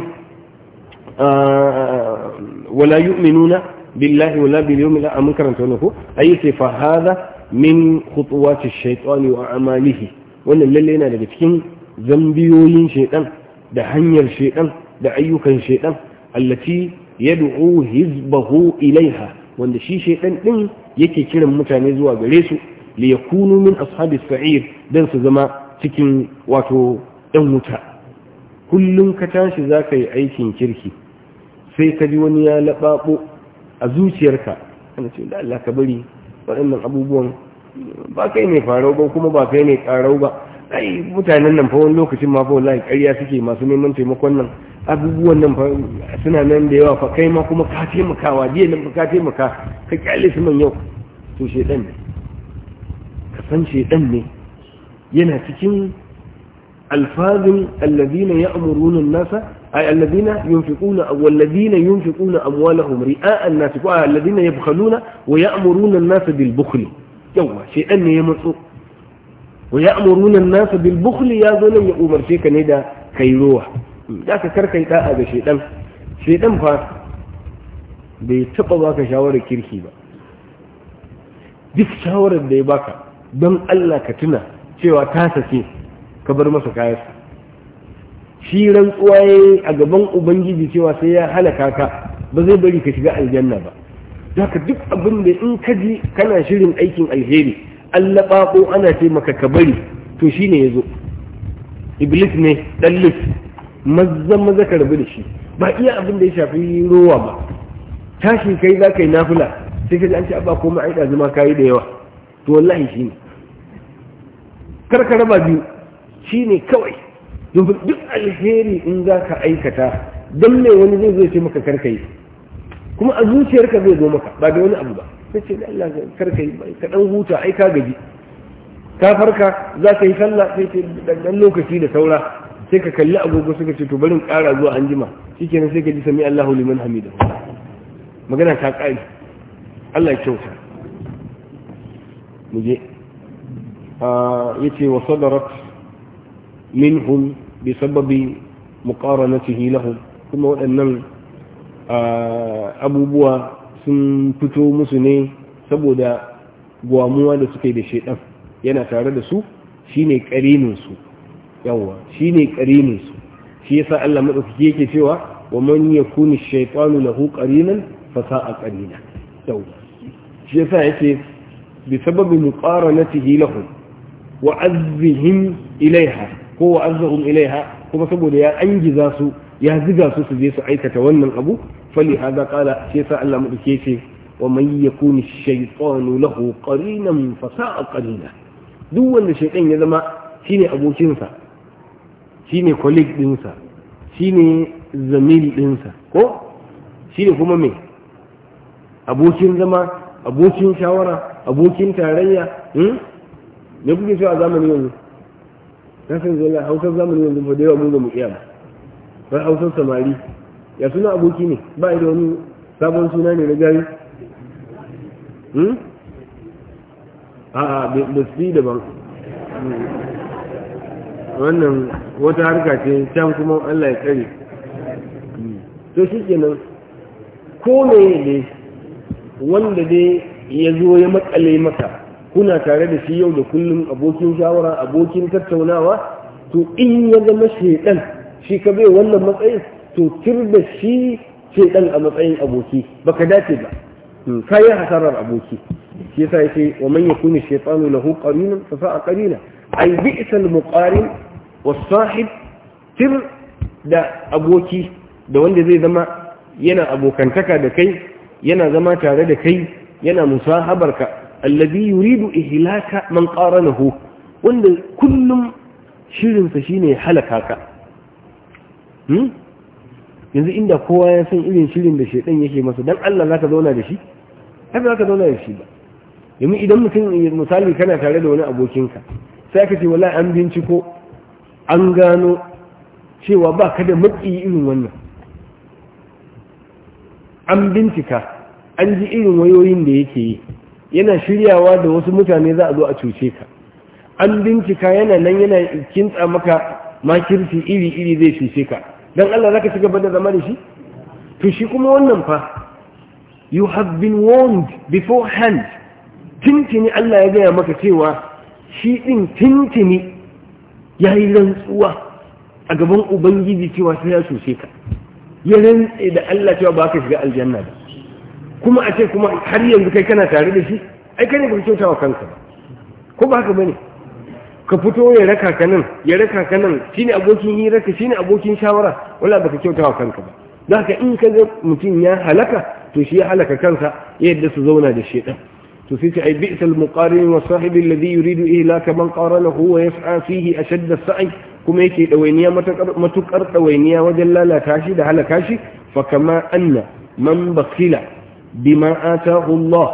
ah, wala yu'minuna billahi wala bil yawmil akhir mun karanta wannan ko ayyuka fa hada min khutuwati shaytani wa amalihi wannan lallai yana daga cikin zambiyoyin shaiɗan, da hanyar shaiɗan, da ayyukan shaytan allati yad'u hizbahu ilaiha wanda shi shaytan din yake kiran mutane zuwa gare su li yakunu min ashabis sa'ir dan su zama cikin wato ɗan wuta kullum ka tashi za ka yi aikin kirki sai ka ji wani ya laɓaɓo a zuciyarka ana ce da Allah ka bari waɗannan abubuwan ba kai ne farau ba kuma ba kai ne karau ba ai mutanen nan fa wani lokacin ma fa wallahi ƙarya suke masu neman taimakon nan abubuwan nan suna nan da yawa fa kai ma kuma ka taimakawa jiya nan ka taimaka ka kyale su man yau to shedan ne ka san shedan ne yana cikin alfazin allazina ya'muruna an-nasa أي الذين ينفقون والذين ينفقون أموالهم رئاء الناس الذين يبخلون ويأمرون الناس بالبخل يوه شيء أن يمسوا ويأمرون الناس بالبخل يا ظلم يأمر شيء ندا كيروح ذاك كركي تاء هذا شيء دم شيء دم فا بيتقى باك شاور كيركي با duk shawarar da ya baka don Allah ka tuna cewa tasa ce ka bar masa kayansa shi rantsuwa yayi a gaban ubangiji cewa sai ya halaka ka ba zai bari ka shiga aljanna ba haka duk abin da in ka ji kana shirin aikin alheri allah ko ana ce maka ka bari to shine yazo iblis ne dan lis mazza maza ka rabu da shi ba iya abin da ya shafi rowa ba tashi kai za ka yi nafila sai ka ji an ce abba ko ma'aida zuma kayi da yawa to wallahi shine kar ka raba biyu shine kawai duk alheri in za ka aikata don me wani zai zai ce maka karka yi kuma a zuciyarka zai zo maka ba da wani abu ba sai ce da Allah karka yi ka dan huta ai ka gaji ka farka za ka yi sallah sai ce dan lokaci da saura sai ka kalli agogo suka ce to barin ƙara zuwa anjima shikenan sai ka ji sami Allahu liman hamida magana ta ƙari Allah ya kyauta mu je ah, yace wa sadarat minhum بسبب مقارنته لهم كما وأنهم أبوبوا سنفتو مسني سبودا قواموا لسكي بشيطان yana tare da su shine karininsu yawa shine karininsu shi yasa Allah madaukake yake cewa wa man yakunu ash-shaytanu lahu qarinan fa sa'a qarina yawa shi yasa yake bi sababi muqaranatihi lahum ilaiha ko wa arzahum ilaiha kuma saboda ya angiza su ya ziga su su je su aikata wannan abu fali hada qala sai sa Allah mu dake ce wa man yakuni shaytanu lahu qarinan fa sa'a qarina duk wanda shaytan ya zama shine abokin sa shine colleague din sa shine zamil din sa ko shine kuma me abokin zama abokin shawara abokin tarayya ne hmm? kuke so a zamanin yanzu na zai zuwa hausar zamani yanzu ba da yawa mu ba mu iya ba wani hausar samari ya suna aboki ne ba da wani sabon suna ne na gari hmm? a'a da su daban wannan wata harka ce can kuma allah ya tsari to shi kenan ko ne wanda dai ya zo ya makale maka kuna tare da shi yau da kullum abokin shawara abokin tattaunawa to in ya zama shaidan shi ka bai wannan matsayin to tir da shi shaidan a matsayin aboki baka dace ba hmm, ka yi hasarar aboki shi yasa yace wa man yakunu shaytanu lahu qarinan fa sa'a qarina ay bi'sa muqarin was-sahib tir da aboki da wanda zai zama yana abokantaka da kai yana zama tare da kai yana musahabarka allazi yuridu ihlaka man qaranahu wanda kullum shirinsa shine halaka ka yanzu inda kowa ya san irin shirin da shedan yake masa dan Allah zaka zauna da shi ai ba zaka zauna da shi ba domin idan mutum misali kana tare da wani abokinka sai ka ce wallahi an binciko an gano cewa ba ka da maki irin wannan an bincika an ji irin wayoyin da yake yi yana shiryawa da wasu mutane za a zo a cuce ka an bincika yana nan yana kintsa maka makirci iri-iri zai cuce ka don Allah za ka ci da zama da shi to shi kuma wannan fa you have been warned beforehand tintini Allah ya gaya maka cewa shi ɗin tintini ya yi rantsuwa a gaban ubangiji cewa sai ya cuce ka ya rantsi da Allah cewa ba ka shiga aljanna ba kuma a ce kuma har yanzu kai kana tare da shi ai kai ne ka kyauta wa kanka ko ba haka bane ka fito ya raka ka nan ya raka ka nan shine abokin hira ka shine abokin shawara wala baka kyauta wa kanka ba don in ka ga mutum ya halaka to shi ya halaka kansa yadda su zauna da shedan to sai ta ai bi'sal muqarin wa sahibi alladhi yuridu ihlaka man qaranahu wa yas'a fihi ashadd as-sa'i kuma yake dawainiya matukar dawainiya wajen lalata shi da halaka shi fa kama anna man bakila bima atahu Allah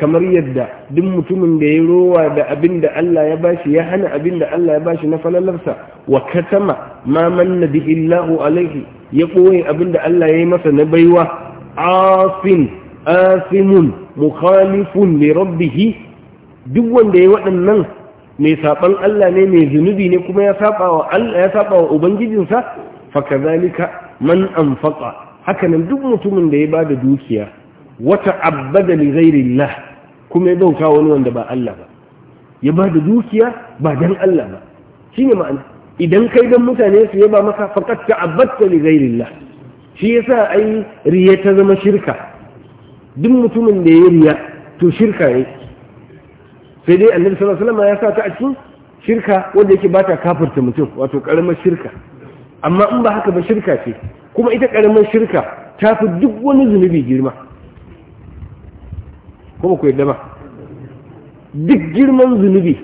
kamar yadda duk mutumin da ya rowa da abin da Allah ya bashi ya hana abin da Allah ya bashi na falalarsa wa katama ma manna bi illahu alaihi ya koyi abin da Allah ya yi masa na baiwa afin asimun mukhalifun li rabbih duk wanda ya waɗannan mai saban Allah ne mai zunubi ne kuma ya saba wa Allah ya saba wa ubangijinsa fakazalika man anfaqa hakanan duk mutumin da ya bada dukiya wata abada li lah kuma ya bauta wani wanda ba Allah ba ya ba da dukiya ba dan Allah ba shine ma'ana idan kai dan mutane su yaba maka ta abada li lah shi yasa ai riya ta zama shirka duk mutumin da ya riya to shirka yake sai dai annabi sallallahu alaihi wasallam ya sa ta a cikin shirka wanda yake ba ta kafirta mutum wato karamar shirka amma in ba haka ba shirka ce kuma ita karamar shirka ta fi duk wani zunubi girma ko ku yadda ba duk girman zunubi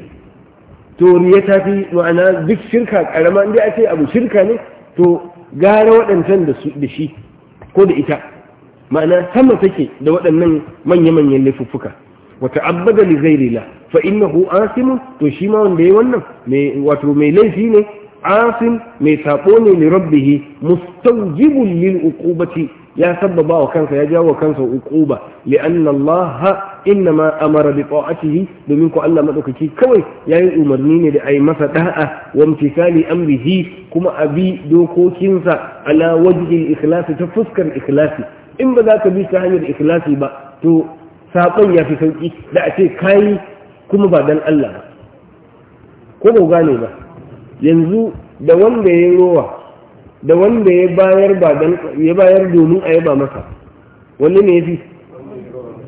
to ya tafi ma'ana duk shirka karama inda a ce abu shirka ne to gara waɗancan da shi ko da ita ma'ana sama take da waɗannan manya-manyan laifuffuka wata abbada li rila fa hu asimun to shi ma wanda ya wannan wato mai laifi ne asim mai sabo ne li rabbih mustawjibun lil uqubati ya sabbaba wa kansa ya jawo kansa uquba anna Allah innama amara bi ta'atihi domin ko Allah madaukaki kawai yayi umarni ne da yi masa da'a wa imtisali amrihi kuma abi dokokinsa ala wajhi al ta fuskar ikhlasi in ba za ka bi ta hanyar ikhlasi ba to sakon ya fi sauki da a ce kai kuma ba dan Allah ba ko ba gane ba yanzu da wanda ya yi rowa da wanda ya bayar ba ya bayar domin a yaba masa wanda ne yafi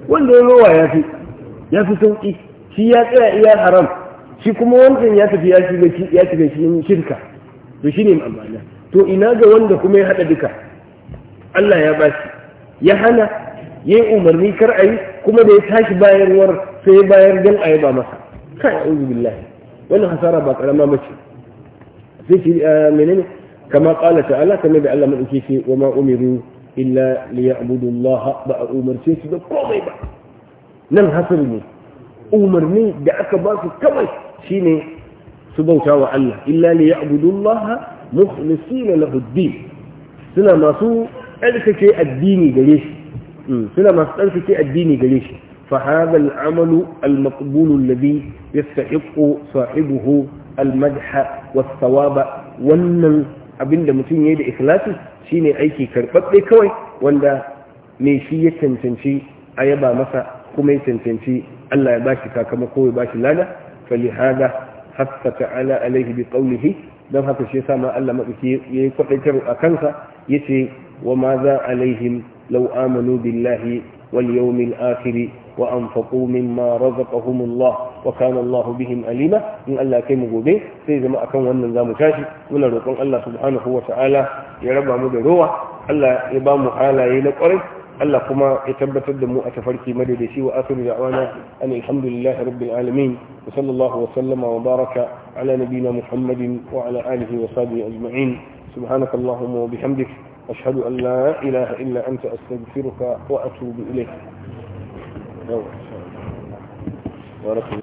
wanda ya rowa yafi ya fi sauki shi ya tsaya iya haram shi kuma wancan ya tafi ya shiga shi ya shiga shi shirka to shine amana to ina ga wanda kuma ya hada duka Allah ya bashi ya hana yi umarni kar yi kuma da ya tashi bayarwar sai bayar dan a yaba masa kai a'udhu billahi wannan hasara ba karama bace sai shi eh, menene كما قال تعالى كما بألا من أكيشي وما أمروا إلا ليعبدوا الله بقى أمر شيء سيدا قومي بقى نم حصرني أمرني دعك باكو كوي شيني سبوتا وعلا إلا ليعبدوا الله مخلصين له الدين سنة ما سوء ألكك الديني قليش سنة ما سوء ألكك الديني قليش فهذا العمل المقبول الذي يستحق صاحبه المدح والثواب والنم abinda mutum ya da ikhlasi shine aiki karɓaɓɓe kawai wanda me shi ya cancanci a yaba masa kuma ya cancanci Allah ya bashi sakamako ya bashi lada falihada hasa ta'ala alaihi bi qawlihi don haka shi yasa ma Allah ya yayi kwadaitar a kansa yace wa ma za alaihim law amanu billahi wal yawmil akhir وأنفقوا مما رزقهم الله وكان him بهم in allah الله mu gobe sai zama akan wannan zamu tashi muna roƙon Allah subhanahu wa ta'ala ya raba mu da rowa Allah ya bamu halaye na ƙwarai Allah kuma ya tabbatar da mu a tafarki madadaci wa asiru da'wana an alhamdulillahi rabbil alamin wa sallallahu wa wa baraka ala nabina muhammadin wa ala alihi wa sahbihi ajma'in subhanaka allahumma wa bihamdik ashhadu an la ilaha illa anta astaghfiruka wa atubu ilayk yau